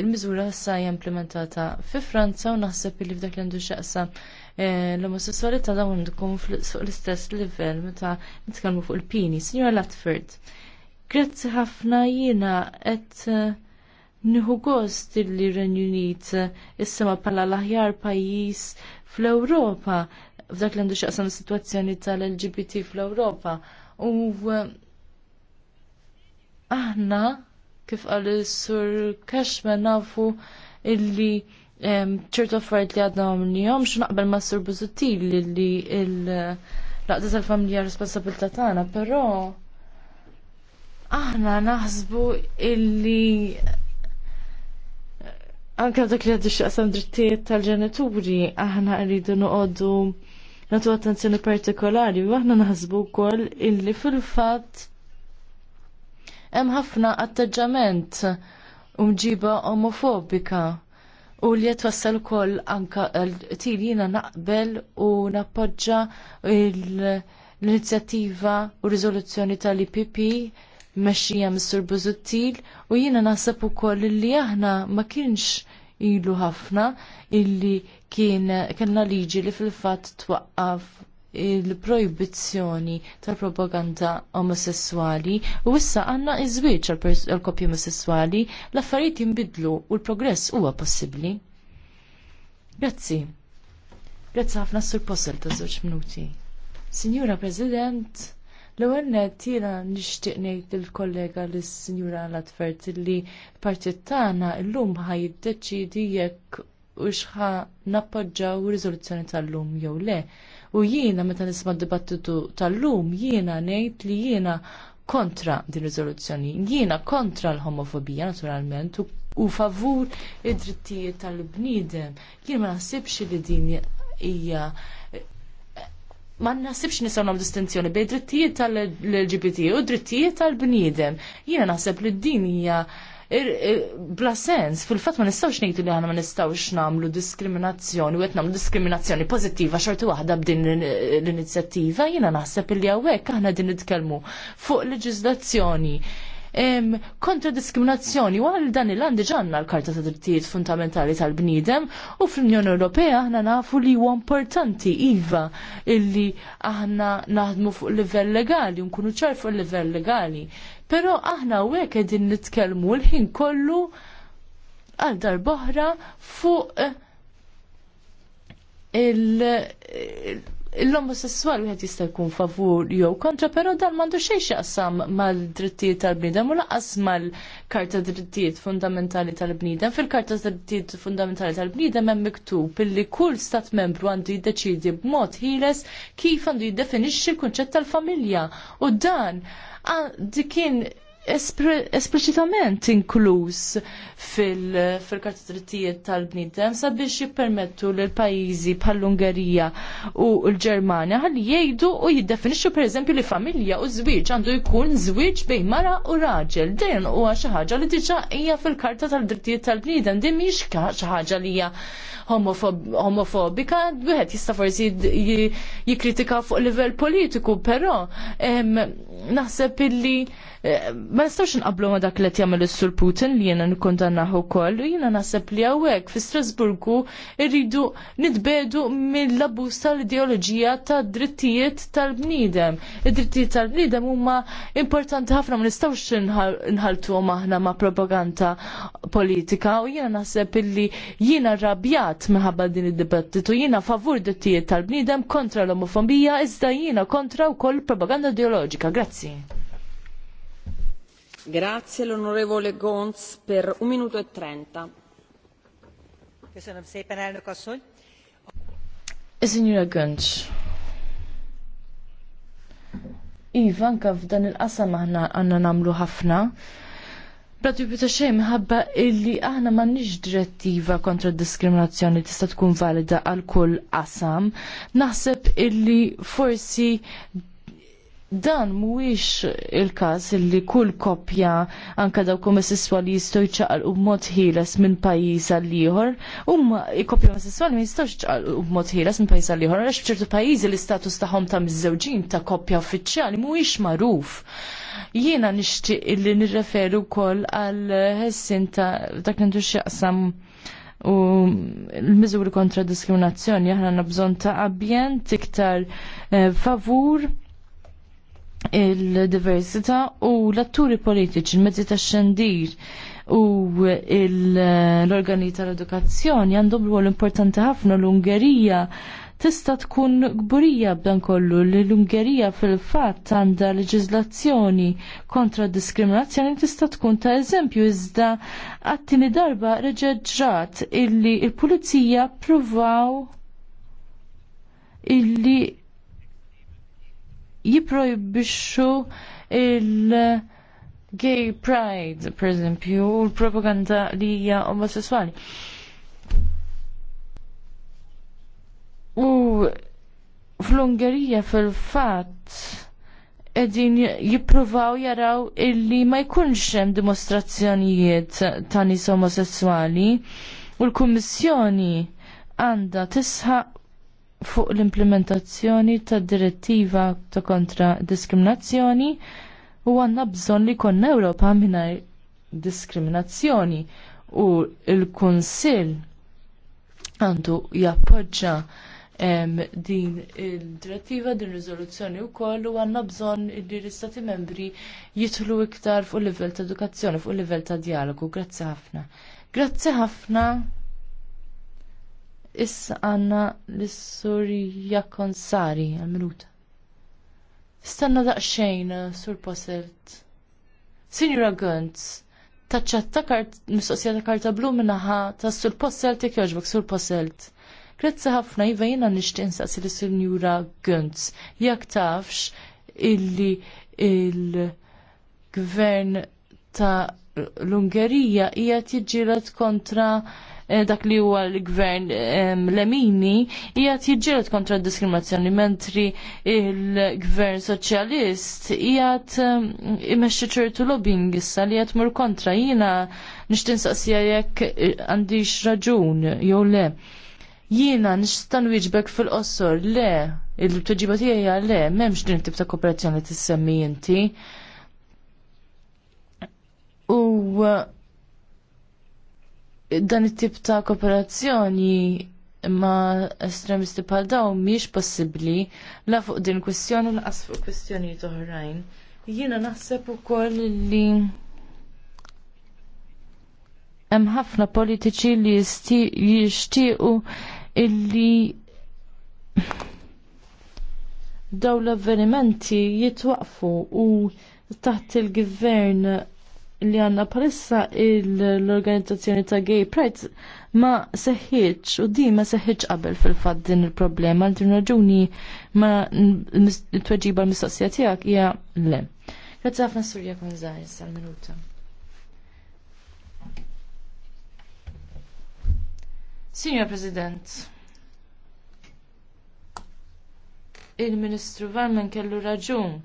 il-miżura issa hija implementata fi Franza u naħseb li f'dak li għandu x'aqsa eh, l-omosessualità dawn tkun fuq l-istess livell meta nitkellmu fuq il-pini. Signora Latford, grazzi ħafna jiena qed eh, nieħu gost li Renju Unit eh, issema bħala l-aħjar pajjiż fl-Ewropa f'dak li għandu xaqsa is-sitwazzjoni tal-LGBT fl-Ewropa. U aħna kif għal sur Cashman nafu illi ċertu affarijiet li għadhom li jom x'naqbel ma' sur Buzutil li l-laqda tal-familja responsabilta tagħna, però aħna naħsbu illi Anka dak li għaddu xaqsam drittijiet tal-ġenituri, aħna rridu nuqoddu natu attenzjoni partikolari, u aħna naħsbu kol illi fil-fat hemm ħafna atteġġament u mġiba omofobika u li jitwassal ukoll anka til jiena naqbel u nappoġġa l-inizjattiva u riżoluzzjoni tal-IPP mexxija Mr. Buzuttil u jiena naħseb ukoll li aħna ma kienx ilu ħafna illi kien kellna liġi li fil-fatt twaqqaf il-projbizzjoni tal-propaganda omosessuali u issa għandna iż-żwieġ għal-koppji omosessuali l-affarijiet jinbidlu u l-progress huwa possibbli. Grazzi. Grazzi ħafna sur posel ta' żewġ minuti. Signora President, L-ewwel nett jiena nixtieq ngħid lill-kollega lis sinjura Latfert li partit tagħna llum ħaj jiddeċiedi jekk u xħa nappoġġaw riżoluzzjoni tal-lum jew le. U jiena meta nisma' d-dibattitu tal-lum jiena ngħid li jiena kontra din riżoluzzjoni. Jiena kontra l-homofobija naturalment u favur id-drittijiet tal-bniedem. Jien ma naħsibx li din hija ma naħsibx nisaw distinzjoni bejn drittijiet tal-LGBT u drittijiet tal-bniedem. Jiena naħseb li din hija bla sens, fil-fat ma nistawx nejtu li aħna ma nistawx nagħmlu diskriminazzjoni u qed nagħmlu diskriminazzjoni pozittiva xortu waħda b'din l-inizjattiva, jiena naħseb li hawnhekk aħna din nitkellmu fuq leġiżlazzjoni kontra diskriminazzjoni wara li dan il-għandi ġanna l-Karta ta' Drittijiet Fundamentali tal-Bniedem u fl-Unjoni Ewropea aħna nafu li huwa importanti iva illi aħna naħdmu fuq livell legali, nkunu ċar fuq livell legali. Pero aħna u għek edin nitkelmu l-ħin kollu għal darboħra fuq eh, l-omosessual wieħed jista' jkun favur jew kontra, però dan m'għandu xejn x'aqsam mal-drittijiet tal-bniedem u laqas mal-Karta Drittijiet Fundamentali tal-Bniedem. Fil-Karta Drittijiet Fundamentali tal-Bniedem hemm miktub illi kull stat membru għandu jiddeċidi b'mod ħieles kif għandu jiddefinixxi l-kunċett tal-familja u dan Ah, dik kien esplicitament inkluż fil-karta drittijiet tal-bnidem sabiex jippermettu l pajjiżi bħall-Ungerija u l-Ġermanja ħalli jgħidu u jiddefinixxu pereżempju li familja u żwieġ għandu jkun żwieġ bejn mara u raġel. Dejn huwa xi ħaġa li diġà hija fil-karta tal-drittijiet tal-bnidem din mhix xi ħaġa li hija homofobika, wieħed jista' forsi jikkritika fuq livell politiku, però naħseb illi ma nistax nqablu ma dak li qed jagħmel is-Sur Putin li jiena nikkondannaħu ukoll, u jiena naħseb li hawnhekk fi Strasburgu rridu nitbedu mill-abbuż tal-ideoloġija tad-drittijiet tal-bniedem. Id-drittijiet tal-bniedem huma importanti ħafna ma nistgħux nħaltuhom aħna ma' propaganda politika u jiena naħseb illi jiena rrabjat minħabba din id-dibattitu jiena favur drittijiet tal-bniedem kontra l-omofobija iżda jiena kontra wkoll propaganda ideoloġika. Grazzi. Grazie l'onorevole per minuto e Signora Iva, anka f'dan il-qasam aħna għandna nagħmlu ħafna. Pratibju ta' xejn ħabba illi aħna m'għandniex direttiva kontra d diskriminazzjoni tista' tkun valida għal kull qasam. Naħseb illi forsi dan mhuwiex il-każ li kull koppja anka daw omosessuali jistgħu jċaqalqu b'mod ħieles minn pajjiż għal ieħor. Huma koppja omosessuali ma jistgħux jċaqalqu b'mod ħieles minn pajjiż għal ieħor għaliex f'ċertu pajjiżi l-istatus tagħhom ta' miż-żewġin ta' koppja uffiċjali mhuwiex magħruf. Jiena nixtieq li nirreferu wkoll għal ħessin ta' dak li xaqsam u l-miżuri kontra diskriminazzjoni aħna bżonn ta' abjent iktar eh, favur il diversita u l-atturi politiċi, il-mezzi ta' xandir u l-organi tal-edukazzjoni għandhom rwol importanti ħafna l-Ungerija tista tkun gburija b'dan kollu li l-Ungerija fil-fatt għandha leġiżlazzjoni kontra d diskriminazzjoni tista tkun ta' eżempju iżda għattini darba reġeġrat illi il-pulizija provaw illi jiprojbixxu il- gay pride, per esempio, u l-propaganda li hija omosessuali. U fl-Ungerija fil-fatt edin jipruvaw jaraw illi ma jkunx hemm dimostrazzjonijiet ta' nies omosessuali u l-Kummissjoni għandha tisħaq fuq l-implementazzjoni ta' direttiva ta' kontra diskriminazzjoni u għanna bżon li konna Ewropa minar diskriminazzjoni u il-Kunsil għandu jappoġġa din il-direttiva, din rizoluzzjoni u koll u għanna bżon li l-istati membri jitlu iktar fuq livell ta' edukazzjoni, fuq livell ta' dialogu. Grazzi ħafna. Grazzi ħafna. Issa għanna l-sur Jakon Sari, għal-minuta. Stanna daqxejn, uh, sur Posselt? Signora Guntz, ta' kart, mistoqsija ta' karta blu minnaħa ta' sur Posselt jek joġbok sur Posselt. Grazzi ħafna jivajna nishtin saqsi l-Signora Guntz. Jak tafx illi il-gvern ta' l-Ungerija hija jġirat kontra Eh, dak li huwa l-gvern Lemini jgħat jiġġieled kontra d-diskriminazzjoni mentri il-gvern soċjalist jgħat imexxi ċertu lobbying issa li qed mur kontra jiena nixtieq saqsija jekk eh, għandix raġun jew le. Jiena nishtan wieġbek fil-qossor, le, il-tweġiba tiegħi le, m'hemmx din tip ta' kooperazzjoni tissemmi inti. U dan it-tip ta' kooperazzjoni ma' estremisti bħal dawn miex possibbli la fuq din kwestjoni as fuq kwestjonijiet oħrajn. Jiena naħseb ukoll li hemm ħafna politiċi li jixtiequ illi daw l avvenimenti jitwaqfu u taħt il-gvern li għanna palissa l-organizzazzjoni ta' Gay Pride ma seħħieċ u di ma seħħieċ qabel fil-fat din il-problema għal din raġuni ma t-tweġiba l-mistoqsija tijak hija le. Grazie għafna Surja Gonzalez għal-minuta. Signor President, il-Ministru Varman kellu raġun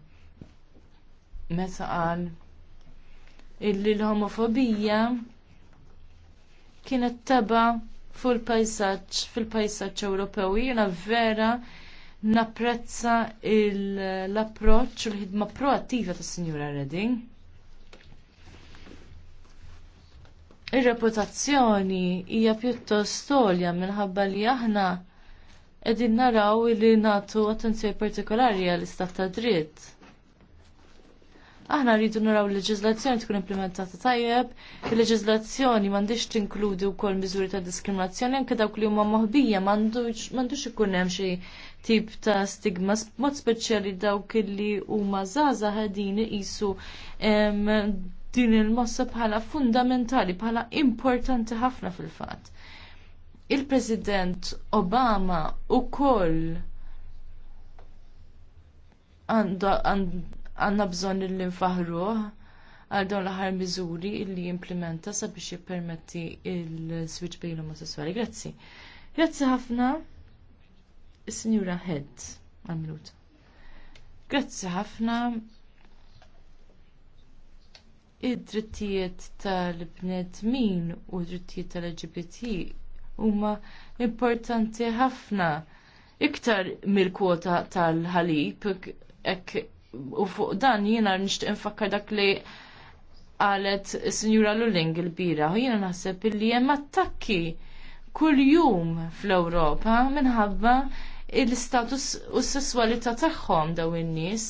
meta qal illi l-homofobija kienet taba fil-pajsaġġ Ewropew. Jiena vera napprezza l-approċċ u l-ħidma proattiva tas-Sinjura Redding. Ir-reputazzjoni hija pjuttost għolja minħabba li aħna qegħdin naraw li nagħtu attenzjoni partikolari għall-istat ta' dritt Aħna rridu naraw il-leġizlazzjoni tkun implementata tajjeb, il-leġizlazzjoni m'għandix tinkludi wkoll miżuri ta' diskriminazzjoni anke dawk li huma moħbija m'għandux ikun hemm xi tip ta' stigma, mod speċjali dawk li huma żgħażagħ ħadin isu din il-mossa bħala fundamentali, bħala importanti ħafna fil-fatt. Il-President Obama u koll għanna bżon li nfaħruħ għal dawn l-aħħar miżuri li jimplementa sabiex jippermetti il-switch bejn l-omosessuali. Grazzi. Grazzi ħafna, Signora Head, għal-minuta. Grazzi ħafna, id-drittijiet tal-bnedmin u id drittijiet tal-LGBT huma importanti ħafna iktar mill-kwota tal-ħalib hekk u fuq dan jiena nixtieq infakkar dak li qalet is-Sinjura Luling il-bira, u jiena naħseb illi hemm attakki kuljum fl-Ewropa minħabba l-istatus u s-sessualità tagħhom daw in-nies.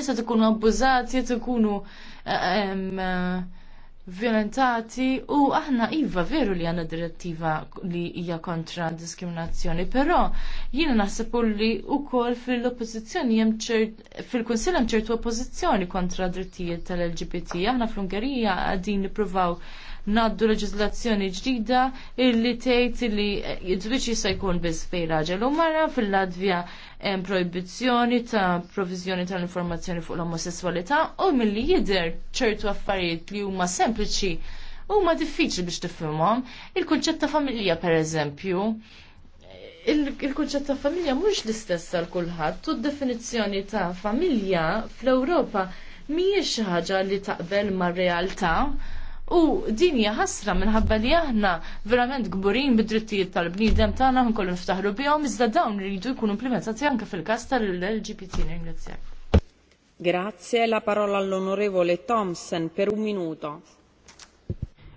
Nisa tkunu abbużati, tkunu violentati u aħna iva veru li għanna direttiva li hija kontra diskriminazzjoni, però jiena naħseb li wkoll fil-oppożizzjoni hemm fil-Kunsill hemm ċertu oppożizzjoni kontra drittijiet tal-LGBT. Aħna fl-Ungerija għadin nippruvaw naddu leġislazzjoni ġdida illi tgħid li id-dwiċ jkun biss fejn raġel u mara fil-Latvja hemm proibizzjoni ta' provizjoni tal-informazzjoni fuq l-omosessualità u milli jidher ċertu affarijiet li huma sempliċi huma diffiċli biex tifhimhom. Il-kunċett ta' familja pereżempju, il-kunċett ta' familja mhux l-istess għal kulħadd u d-definizzjoni ta' familja fl-Ewropa mhijiex xi ħaġa li taqbel mar-realtà. U din hija ħasra minħabba li aħna verament gburin bid-drittijiet tal bnidem tagħna nkollu niftaħru bihom iżda dawn iridu jkunu implementati anke fil-każ tal-LGBT ringrazzjak. Grazie, la parola all'onorevole Thompson per un minuto.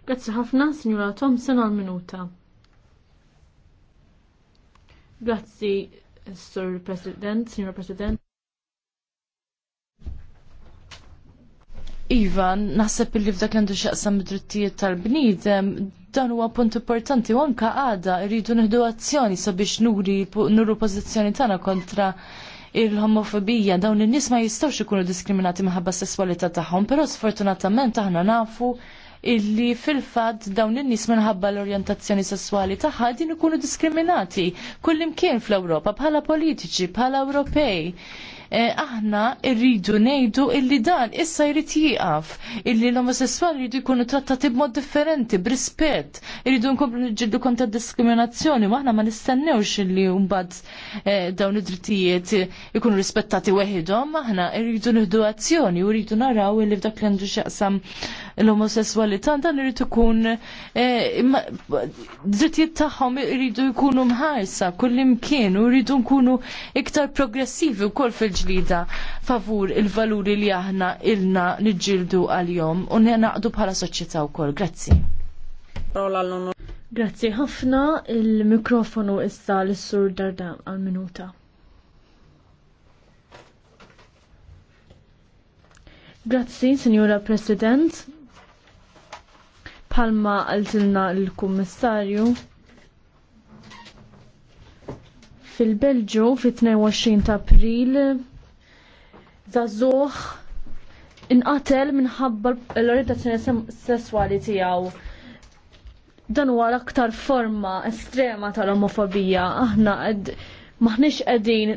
Grazie ħafna, signora Thompson, għal minuta. Grazzi, Sir President, Signora President. Iva, naħseb il-li f'dak l għandu xaqsam id-drittijiet tal-bniedem, dan huwa punt importanti u anka għada rridu nħdu azzjoni sabiex nuri nuru pożizzjoni tagħna kontra il-homofobija dawn in-nies ma jistgħux ikunu diskriminati minħabba sesswalità tagħhom, però sfortunatament aħna nafu illi fil-fatt dawn in-nies minħabba l-orjentazzjoni sessuali tagħha din ikunu diskriminati kullimkien fl-Ewropa bħala politiċi, bħala Ewropej. Eh, aħna rridu ngħidu illi dan issa jrid jieqaf illi l-omosessuali jridu jkunu trattati b'mod differenti, b'rispett, rridu nkomplu niġġieldu kontra diskriminazzjoni, ma aħna ma nistennewx illi mbagħad eh, dawn id-drittijiet ikunu rispettati weħidhom, aħna rridu nieħdu azzjoni u rridu naraw illi f'dak li għandu x'jaqsam l-omosessualità dan irid ikun eh, drittijiet tagħhom iridu jkunu mħarsa kullimkien u rridu nkunu iktar progressivi wkoll fil-ġlida favur il-valuri li aħna ilna niġġieldu għal-jom u naqdu bħala soċjetà wkoll. Grazzi. Grazzi ħafna il-mikrofonu issa l-sur Dardan għal-minuta. Grazzi, Signora President bħalma għaltilna l-Kummissarju fil-Belġu fit-22 ta' April Zazuħ inqatel minħabba l-orientazzjoni sessuali tiegħu. Dan huwa l-aktar forma estrema tal-omofobija. Aħna maħniex qegħdin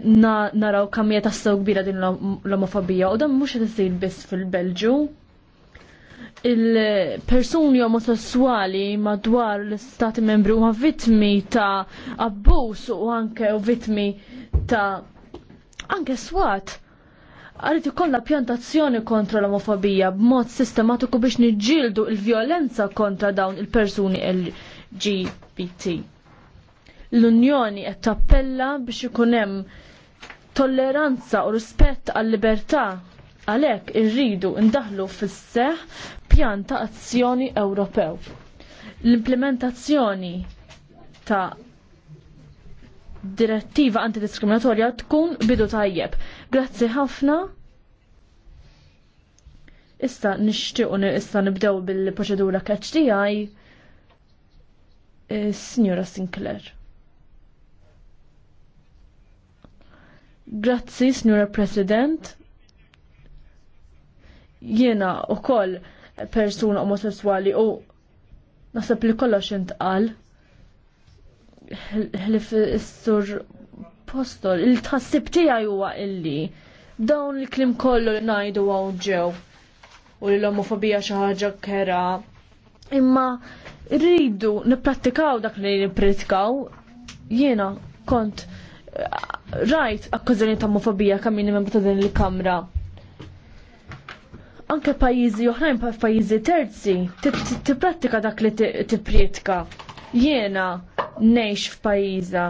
naraw kamija ta' kbira din l-omofobija u dan mhux qed isir biss fil-Belġu il-persuni omosessuali madwar l-istati membri huma vittmi ta' abbuż u anke u vittmi ta' anke swat. Għarit ikolla pjantazzjoni kontra l-omofobija b'mod sistematiku biex niġġieldu il-vjolenza kontra dawn il-persuni LGBT. L-Unjoni qed tappella biex ikun hemm tolleranza u rispett għal-libertà Għalhekk irridu ndaħlu fis-seħ pjan ta' azzjoni Ewropew. L-implementazzjoni ta' direttiva antidiskriminatorja tkun bidu tajjeb. Grazzi ħafna. Issa nixtiequ issa nibdew bil-proċedura KHDI. Eh, Signora Sinclair. Grazzi, Signora President jiena u koll persuna omosessuali u nasab li kollox intqal ħlif s postol il-tħassib tiegħi huwa illi dawn il-klim kollu li ngħidu għaw ġew u li l-omofobija xi ħaġa kera. Imma rridu nipprattikaw dak li nipprattikaw jiena kont eh, rajt akkużjoni ta' omofobija kamini minn ta' din il-kamra anke pajjiżi oħrajn pajjiżi terzi tipprattika dak li tippjetika. Jiena ngħix f'pajjiża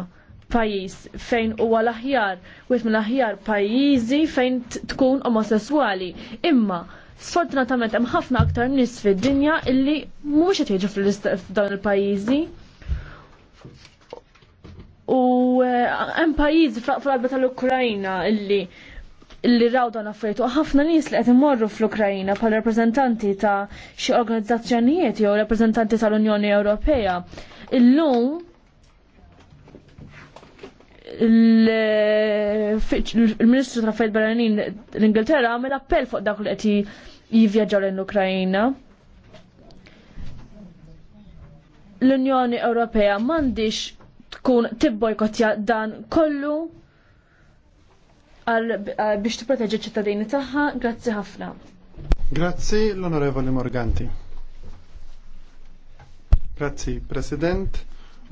pajjiż fejn huwa l-aħjar, wieħed mill-aħjar pajjiżi fejn tkun omosessuali. Imma sfortunatament hemm ħafna aktar nies fid-dinja illi mhumiex qed jiġu f'dawn il-pajjiżi. U eh, hemm pajjiżi fl-qalba tal-Ukrajna illi li raw dan affarijiet u ħafna nies li qed imorru fl-Ukrajina bħal rappreżentanti ta' xi organizzazzjonijiet jew rappreżentanti tal-Unjoni Ewropea. Illum il-Ministru ta' Fejt Barranin l-Ingilterra għamel appell fuq dak li qed jivvjaġġaw l-Ukrajina. L-Unjoni Ewropea m'għandix tkun tibbojkotja dan kollu biex tipproteġi ċittadini tagħha. Grazzi ħafna. Grazzi l-Onorevoli Morganti. Grazzi, President.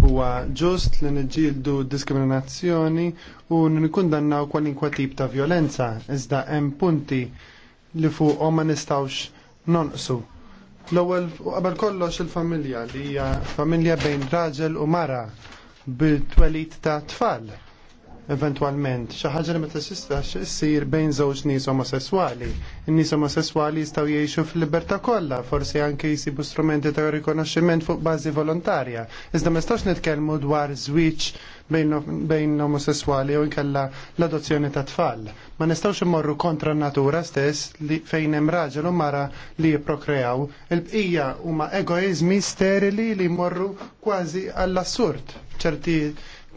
Huwa ġust li nġildu diskriminazzjoni u nikundannaw kwalinkwa tip ta' violenza iżda hemm punti li fuqhom ma nistgħux nonqsu. L-ewwel qabel kollox il-familja li hija familja bejn raġel u mara bit-twelid ta' tfal eventualment xi ħaġa li ma tistax issir bejn żewġ nies omosessuali. In-nies omosessuali jistgħu jgħixu fil-libertà kollha, forsi anke jsibu strumenti ta' rikonoxximent fuq bażi volontarja. Iżda ma nistax nitkellmu dwar żwieġ bejn omosessuali u nkella l-adozzjoni ta' tfal. Ma nistawx immorru kontra natura stess li fejn hemm raġel u mara li jipprokreaw. Il-bqija huma egoizmi sterili li jmorru kważi għall assurd ċerti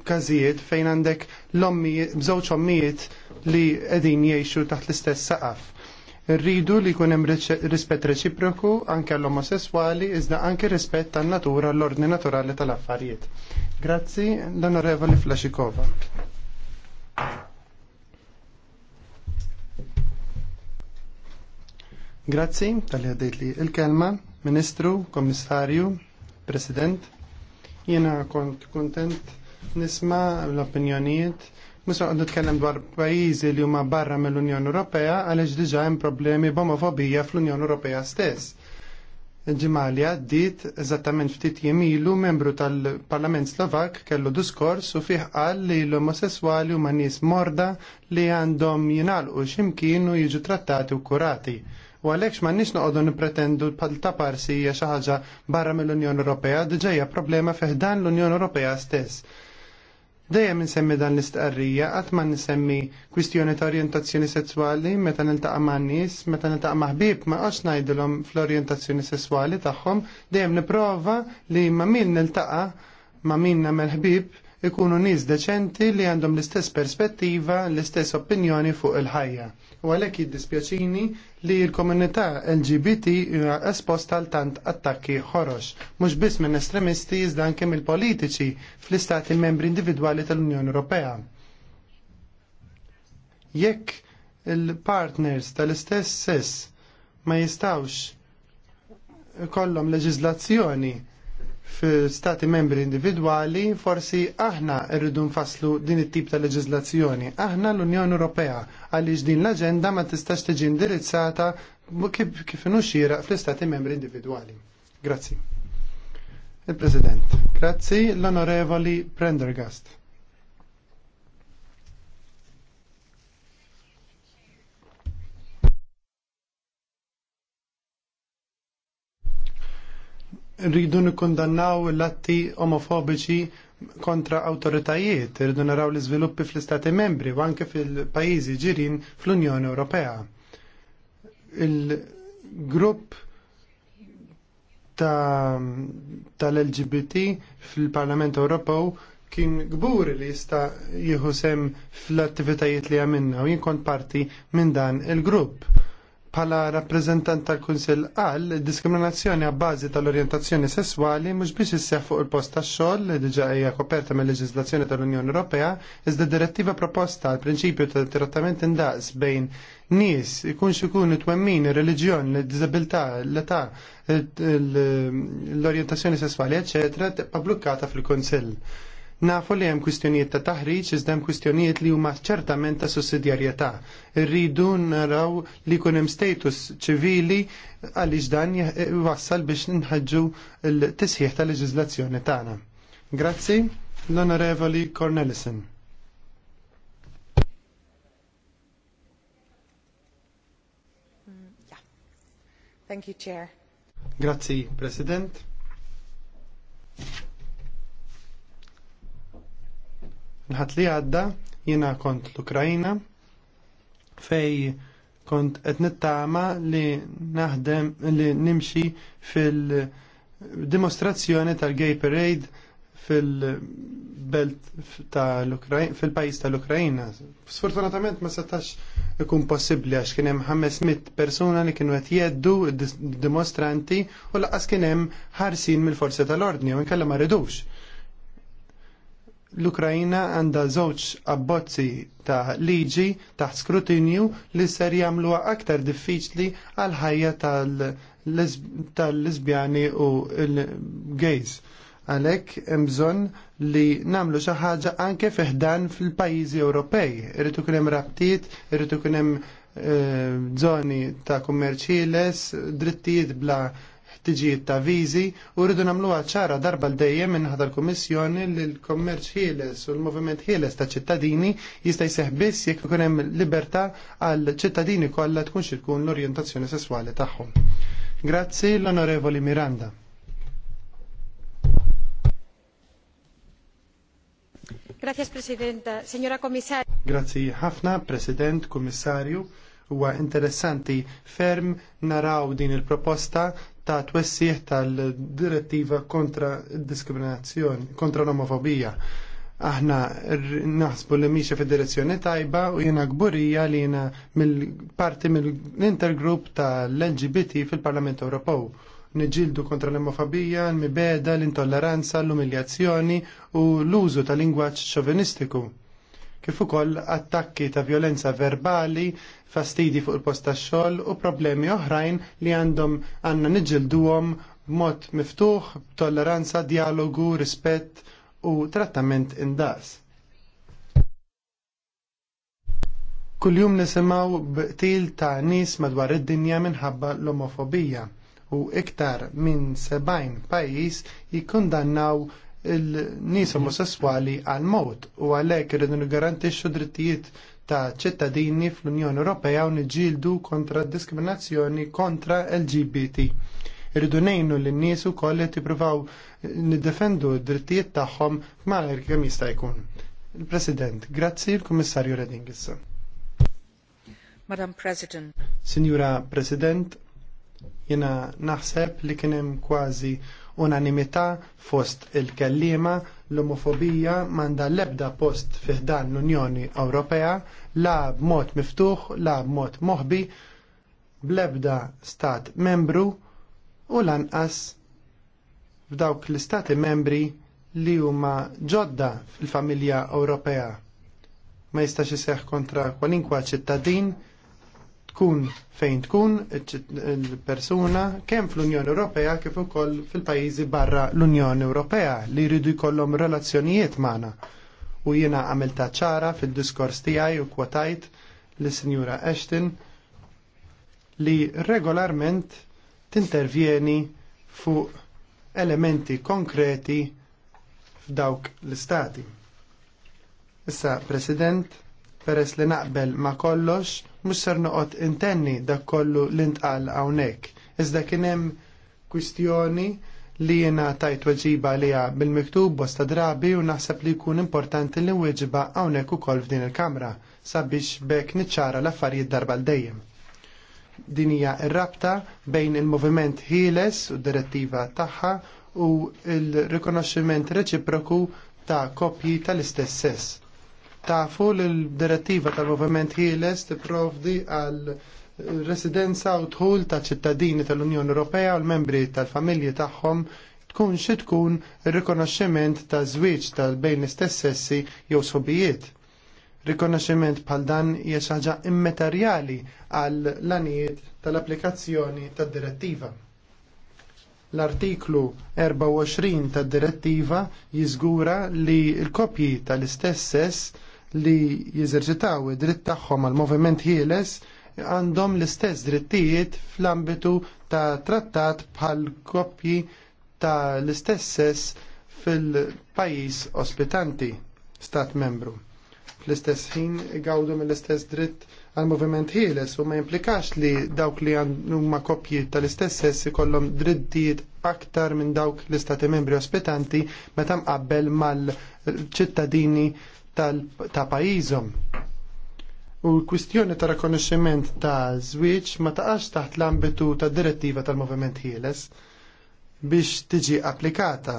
każijiet fejn għandek bżoċ ommijiet bżewġ ommijiet li qegħdin jgħixu taħt l-istess saqaf. Rridu li jkun hemm rispett reċiproku anke l-omosessuali iżda anke rispett tan-natura l-ordni naturali tal-affarijiet. Grazzi l-Onorevoli Flashikova. Grazzi tal-li li il-kelma, Ministru, Kommissarju, President. Jena kont kontent nisma' l-opinjonijiet Musa għandu tkellem dwar pajizi li huma barra mill-Unjoni Ewropea għaliex diġà hemm problemi b'omofobija fl-Unjoni Ewropea stess. Ġimali dit eżattament ftit jemilu membru tal-Parlament Slovak kellu diskors u fih qal li l-omosessuali huma nies morda li għandhom jingħalqu x'imkien u jiġu trattati u kurati. U għalhekk m'għandniex noqogħdu nippretendu ta' parsi hija xi ħaġa barra mill-Unjoni Ewropea hija problema fih dan l-Unjoni Ewropea stess Dejjem insemmi dan l-istqarrija qatt ma nsemmi kwistjoni ta' orjentazzjoni sesswali meta niltaqa' ma' nies, meta niltaqa' ma' ħbieb ma qgħodx ngħidilhom fl-orjentazzjoni sesswali tagħhom, dejjem nipprova li ma' min niltaqa' ma' min nagħmel ħbieb ikunu nies deċenti li għandhom l-istess perspettiva, l-istess opinjoni fuq il-ħajja. U għalhekk jiddispjaċini li l-komunità LGBT hija esposta għal tant attakki ħorox, mhux biss minn estremisti iżda anke mill-politiċi fl-istati membri individwali tal-Unjoni Ewropea. Jekk il-partners tal-istess sess ma jistawx kollom leġizlazzjoni fil-stati membri individwali, forsi aħna rridu nfasslu din it-tip ta' leġizlazzjoni. Aħna l-Unjoni Ewropea għaliex din l-aġenda ma tistax tiġi indirizzata kif kif xieraq fl-istati membri individwali. Grazzi. Il-President. Grazzi l-Onorevoli Prendergast. rridu nikkondannaw l-atti omofobiċi kontra awtoritajiet, rridu naraw l iżviluppi fl-Istati membri u anke fil-pajjiżi ġirin fl-Unjoni Ewropea. Il-grupp tal-LGBT ta fil-Parlament Ewropew kien gbur li jista jieħu sem fl-attivitajiet li għamilna u jien kont parti minn dan il-grupp. Pala rappresentant tal-Kunsill qal diskriminazzjoni għabbażi tal orientazzjoni sessuali mhux biex isseħ fuq il-post tax-xogħol li diġà hija koperta mill leġislazzjoni tal-Unjoni Ewropea, iżda direttiva proposta għal prinċipju tal trattament indaqs bejn nies ikunx it twemmin ir-reliġjon, l-diżabilità, l-età, l orientazzjoni sessuali, eċetera, tibqa' blukkata fil-Kunsill Nafu li hemm kwistjonijiet ta' taħriġ iżda hemm kwistjonijiet li huma ċertament ta' sussidjarjetà. Irridu naraw li jkun hemm status ċivili għaliex dan wassal biex nħaġġu l-tisħiħ tal leġiżlazzjoni tagħna. Grazzi, l-Onorevoli Cornelison. Mm, Thank you, Chair. Grazzi, President. Nħat li għadda jiena kont l ukrajina fej kont qed nittama li naħdem li nimxi fil-dimostrazzjoni tal-Gay Parade fil-belt tal-Ukraina fil-pajis tal ukrajina Sfortunatament ma setax ikun possibbli għax kien hemm 500 persuna li kienu qed jeddu dimostranti u laqas kien hemm ħarsin mill-forzi tal-ordni u nkella ma rridux l-Ukrajina għandha żewġ abbozzi ta' liġi taħt skrutinju li ser jagħmluha aktar diffiċli għal ħajja tal-lesbjani u l-gays. Għalhekk hemm bżonn li nagħmlu xi ħaġa anke fiħdan fil-pajjiżi Ewropej. Irid ikun hemm rabtiet, irid ikun hemm eh, żoni ta' kummerċiles, drittijiet bla' ħtiġijiet ta' viżi u rridu nagħmluha ċara darba l dejjem minn l-Kummissjoni li l-kommerċ ħieles u l-moviment ħieles ta' ċittadini jista' jseħħ biss jekk ikun hemm libertà għal ċittadini kollha tkun xirkun l-orjentazzjoni sesswali tagħhom. Grazzi l-Onorevoli Miranda. Grazie, Presidenta. Signora Commissario. Grazie ħafna, President, Kummissarju. Huwa interessanti ferm naraw din il-proposta ta' twessiħ tal-direttiva kontra diskriminazzjoni, kontra l-omofobija. Aħna naħsbu li miexa fid-direzzjoni tajba u jena gburija li jena mill-parti mill-intergrupp tal-LGBT fil-Parlament Ewropew. Niġildu kontra l-omofobija, l-mibeda, l-intolleranza, l-umiljazzjoni u l-użu tal-lingwaċ xovinistiku kif ukoll attakki ta' violenza verbali, fastidi fuq il-post tax-xogħol u problemi oħrajn li għandhom għandna niġilduhom b'mod miftuħ, tolleranza, dialogu, rispett u trattament indaqs. Kuljum nisimaw b'til ta' nies madwar id-dinja minħabba l-omofobija u iktar minn 70 pajjiż jikkundannaw il-nies omosessuali għal mod u għalhekk irridu nigarantixxu drittijiet ta' ċittadini fl-Unjoni Ewropea u niġġieldu kontra d diskriminazzjoni kontra LGBT. Irridu ngħinu lin nies ukoll li tippruvaw niddefendu d-drittijiet tagħhom malajr kemm jista' jkun. Il-President, grazzi il-Kummissarju Redingis. Madam President. Signora President, jena naħseb li kienem kważi unanimità fost il-kellima l-omofobija manda l-ebda post fiħdan l-Unjoni Ewropea la b'mod miftuħ, la b'mod moħbi, bl-ebda stat membru u lanqas f'dawk l-istati membri li huma ġodda fil-familja Ewropea. Ma jistax iseħħ kontra kwalinkwa ċittadin tkun fejn tkun il-persuna kemm fl-Unjoni Ewropea kif ukoll fil-pajjiżi barra l-Unjoni Ewropea li jridu jkollhom relazzjonijiet magħna. U jiena għamilta ċara fil-diskors tiegħi u kwotajt li Sinjura Ashton li regolarment tintervjeni fuq elementi konkreti f'dawk l-istati. Issa, President, peress li naqbel ma kollox, mhux ser noqgħod intenni da kollu li ntqal hawnhekk. Iżda kien hemm kwistjoni li jena tajt weġiba għaliha bil-miktub bosta drabi u naħseb li jkun importanti li weġiba hawnhekk ukoll f'din il-kamra sabiex bek niċċara l-affarijiet darba l-dejjem. Din hija r-rabta bejn il-moviment ħieles u d-direttiva tagħha u l-rikonoxximent reċiproku ta' kopji tal-istess sess. Tafu l-direttiva tal-movement ħieles tipprovdi għal residenza u tħul ta' ċittadini tal-Unjoni Ewropea u l-membri tal-familji tagħhom tkun xi tkun ir-rikonoxximent ta' żwieġ tal-bejn istess sessi jew sobijiet. Rikonoxximent bħal dan hija xi ħaġa immaterjali għal lanijiet tal-applikazzjoni tad-direttiva. L-artiklu 24 tad-direttiva jiżgura li l-kopji tal-istess sess li jizerġitaw id-dritt tagħhom għal moviment ħieles għandhom l-istess drittijiet fl-ambitu ta' trattat bħal koppji ta' l-istess sess fil-pajis ospitanti, stat membru. Fl-istess ħin gawdu mill-istess dritt għal moviment ħieles u ma implikax li dawk li huma koppji tal-istess sess ikollhom drittijiet aktar minn dawk l-istati membri ospitanti meta mqabbel mal-ċittadini ta' pajjiżhom. U l-kwistjoni ta' rakonoxximent ta' żwieġ ma taqax taħt l-ambitu ta' direttiva tal-moviment Hieles biex tiġi applikata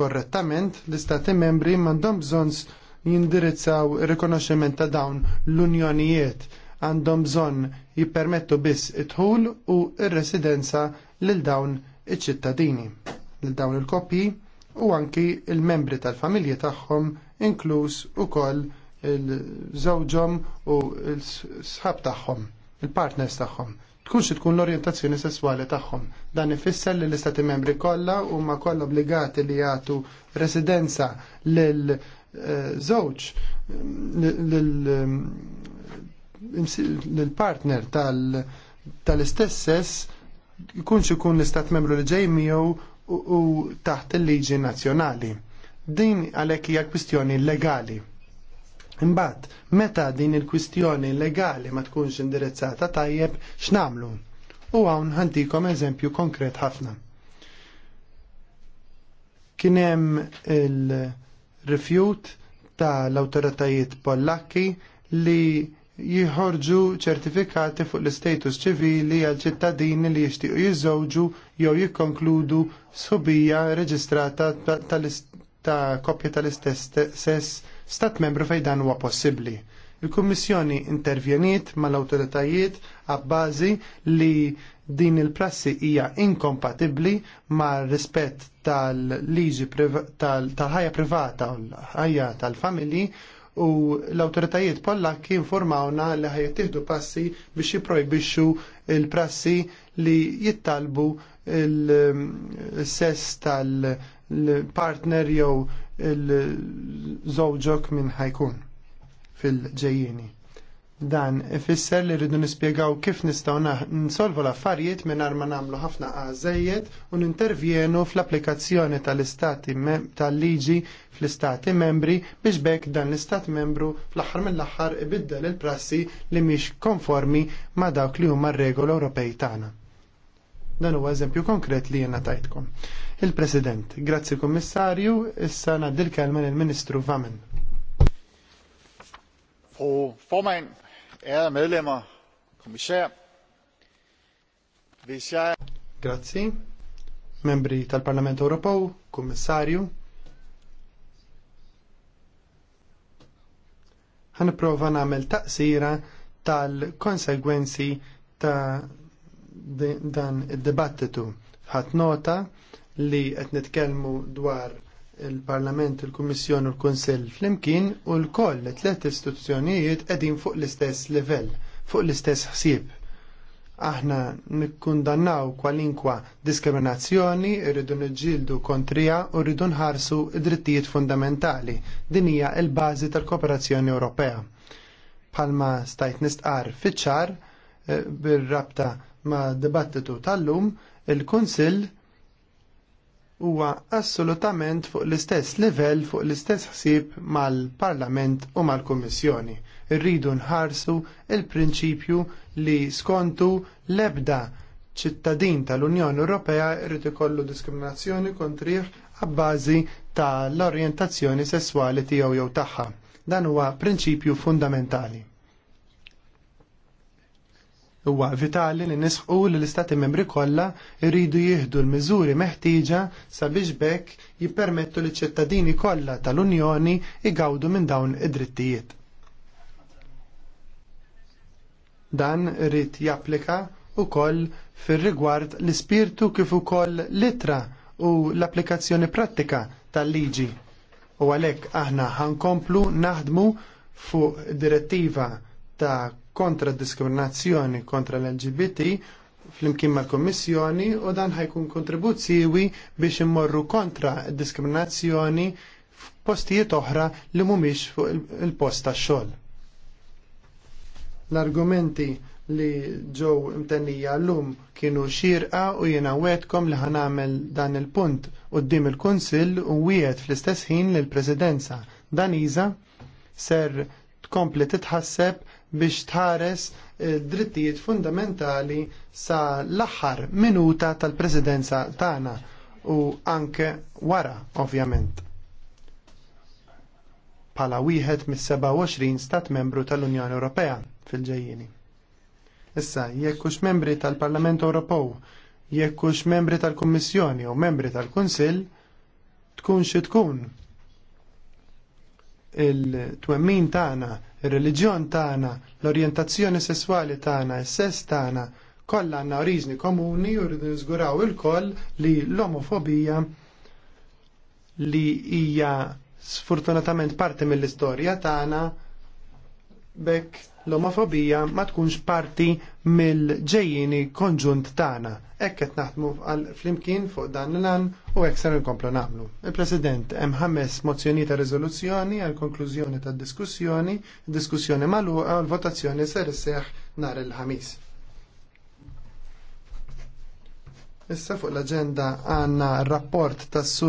korrettament l-istati membri m'għandhom bżonn jindirizzaw rikonoxximent ta' dawn l-unjonijiet għandhom bżonn jippermettu biss it dħul u r-residenza lil dawn iċ-ċittadini, lil dawn il-koppji u anki il-membri tal-familji tagħhom inkluż ukoll il-żewġhom u l-sħab tagħhom, il-partners tagħhom. tkun xi tkun l-orjentazzjoni sesswali tagħhom. Dan ifisser li l-istati membri kollha huma kollha obbligati li jagħtu residenza lil eh, żewġ l-partner tal-istess sess jkunx ikun l-istat membru li ġej miegħu u taħt il-liġi nazzjonali. Din għalhekk hija kwistjoni legali. Imbagħad, meta din il-kwistjoni legali ma tkunx indirizzata tajjeb x'namlu? U hawn ħantikom eżempju konkret ħafna. Kien hemm il-rifjut tal-awtoritajiet Pollakki li jħorġu ċertifikati fuq l-istatus ċivili għal ċittadini li jixtiequ jiżżewġu jew jikkonkludu subija reġistrata ta' koppja tal-istess sess stat membru fejn dan huwa possibbli. Il-Kummissjoni intervjeniet mal-awtoritajiet għabbażi li din il-prassi hija inkompatibbli mar rispett tal-liġi tal-ħajja privata u l-ħajja tal-familji u l-autoritajiet pollakki informawna li ħajettieħdu passi biex jiprojbixxu il-prassi li jittalbu il-sess tal-partner jew il-żewġok minn ħajkun fil-ġejjieni. Dan ifisser li rridu nispjegaw kif nistgħu nsolvu l-affarijiet mingħajr ma nagħmlu ħafna għażejjed u nintervjenu fl-applikazzjoni tal-istati tal-liġi fl-istati membri biex bekk dan l-istat membru fl-aħħar mill-aħħar ibiddel il-prassi li mhix konformi ma' dawk li huma r-regoli Ewropej tagħna. Dan huwa eżempju konkret li jenna tajtkom. Il-President, grazzi Kommissarju, issa naddi l-kelma lill-Ministru Vamen. Fru Forman, ærede medlemmer, kommissar, hvis jeg... Grazzi, membri tal-Parlament Ewropew, Kommissarju, ħanipprova nagħmel taqsira tal-konsegwenzi ta' dan id-dibattitu. Ħadd nota li qed nitkellmu dwar il-Parlament, il kummissjon u l-Kunsill flimkien u l-koll tlet istituzzjonijiet qegħdin fuq l-istess livell, fuq l-istess ħsieb. Aħna nikkundannaw kwalinkwa diskriminazzjoni, irridu niġġieldu kontrija u rridu nħarsu id-drittijiet fundamentali. Din hija l-bażi tal-Kooperazzjoni Ewropea. Palma stajt nistqar fiċ-ċar eh, bir-rabta ma' dibattitu tal-lum, il-Kunsill huwa assolutament fuq l-istess livell, fuq l-istess ħsieb mal-Parlament u mal-Kummissjoni. Irridu nħarsu il-prinċipju li skontu l-ebda ċittadin tal-Unjoni Ewropea irrid ikollu diskriminazzjoni kontrih għabbażi tal-orjentazzjoni sesswali tiegħu jew tagħha. Dan huwa prinċipju fundamentali. Huwa vitali li nisħu li l-istati membri kollha jridu jieħdu l-miżuri meħtieġa sabiex bekk jippermettu li ċittadini kollha tal-Unjoni igawdu minn dawn id-drittijiet. Dan rrit japplika wkoll fir-rigward l-ispirtu kif ukoll litra u l-applikazzjoni prattika tal-liġi. U għalhekk aħna ħankomplu naħdmu fuq direttiva ta' kontra diskriminazzjoni kontra l-LGBT fl-imkien mal kommissjoni u dan ħajkun kontribut siwi biex immorru kontra diskriminazzjoni f'postijiet oħra li mhumiex fuq il-post tax-xogħol. L-argumenti li ġew imtennija llum kienu xirqa u jiena wetkom li ħanamel dan il-punt qudiem il-Kunsill u wieħed fl-istess ħin lill-Presidenza iża ser tkompli titħasseb biex tħares eh, drittijiet fundamentali sa l-aħħar minuta tal-presidenza tagħna u anke wara, ovvjament. Pala wieħed mis-27 stat membru tal-Unjoni Ewropea fil-ġejjini. Issa, jekk hux membri tal-Parlament Ewropew, jekk hux membri tal-Kummissjoni u membri tal-Kunsill, tkun xi tkun il-twemmin tagħna Ir-reliġjon tagħna, l-orjentazzjoni sesswali tagħna, is-sess tagħna, kollha għandna oriżni komuni u rridu niżguraw il-koll li l-omofobija li hija sfortunatament parti mill-istorja tagħna bekk l-omofobija ma tkunx parti mill-ġejjini konġunt tagħna. Hekk qed naħdmu flimkien fuq dan l-an u hekk ser inkomplu nagħmlu. Il-President hemm ħames mozzjoni ta' riżoluzzjoni għal konklużjoni tad diskussjoni, diskussjoni magħluqa u l-votazzjoni ser isseħħ nhar il-ħamis. Issa fuq l-aġenda għandna rapport tas-sur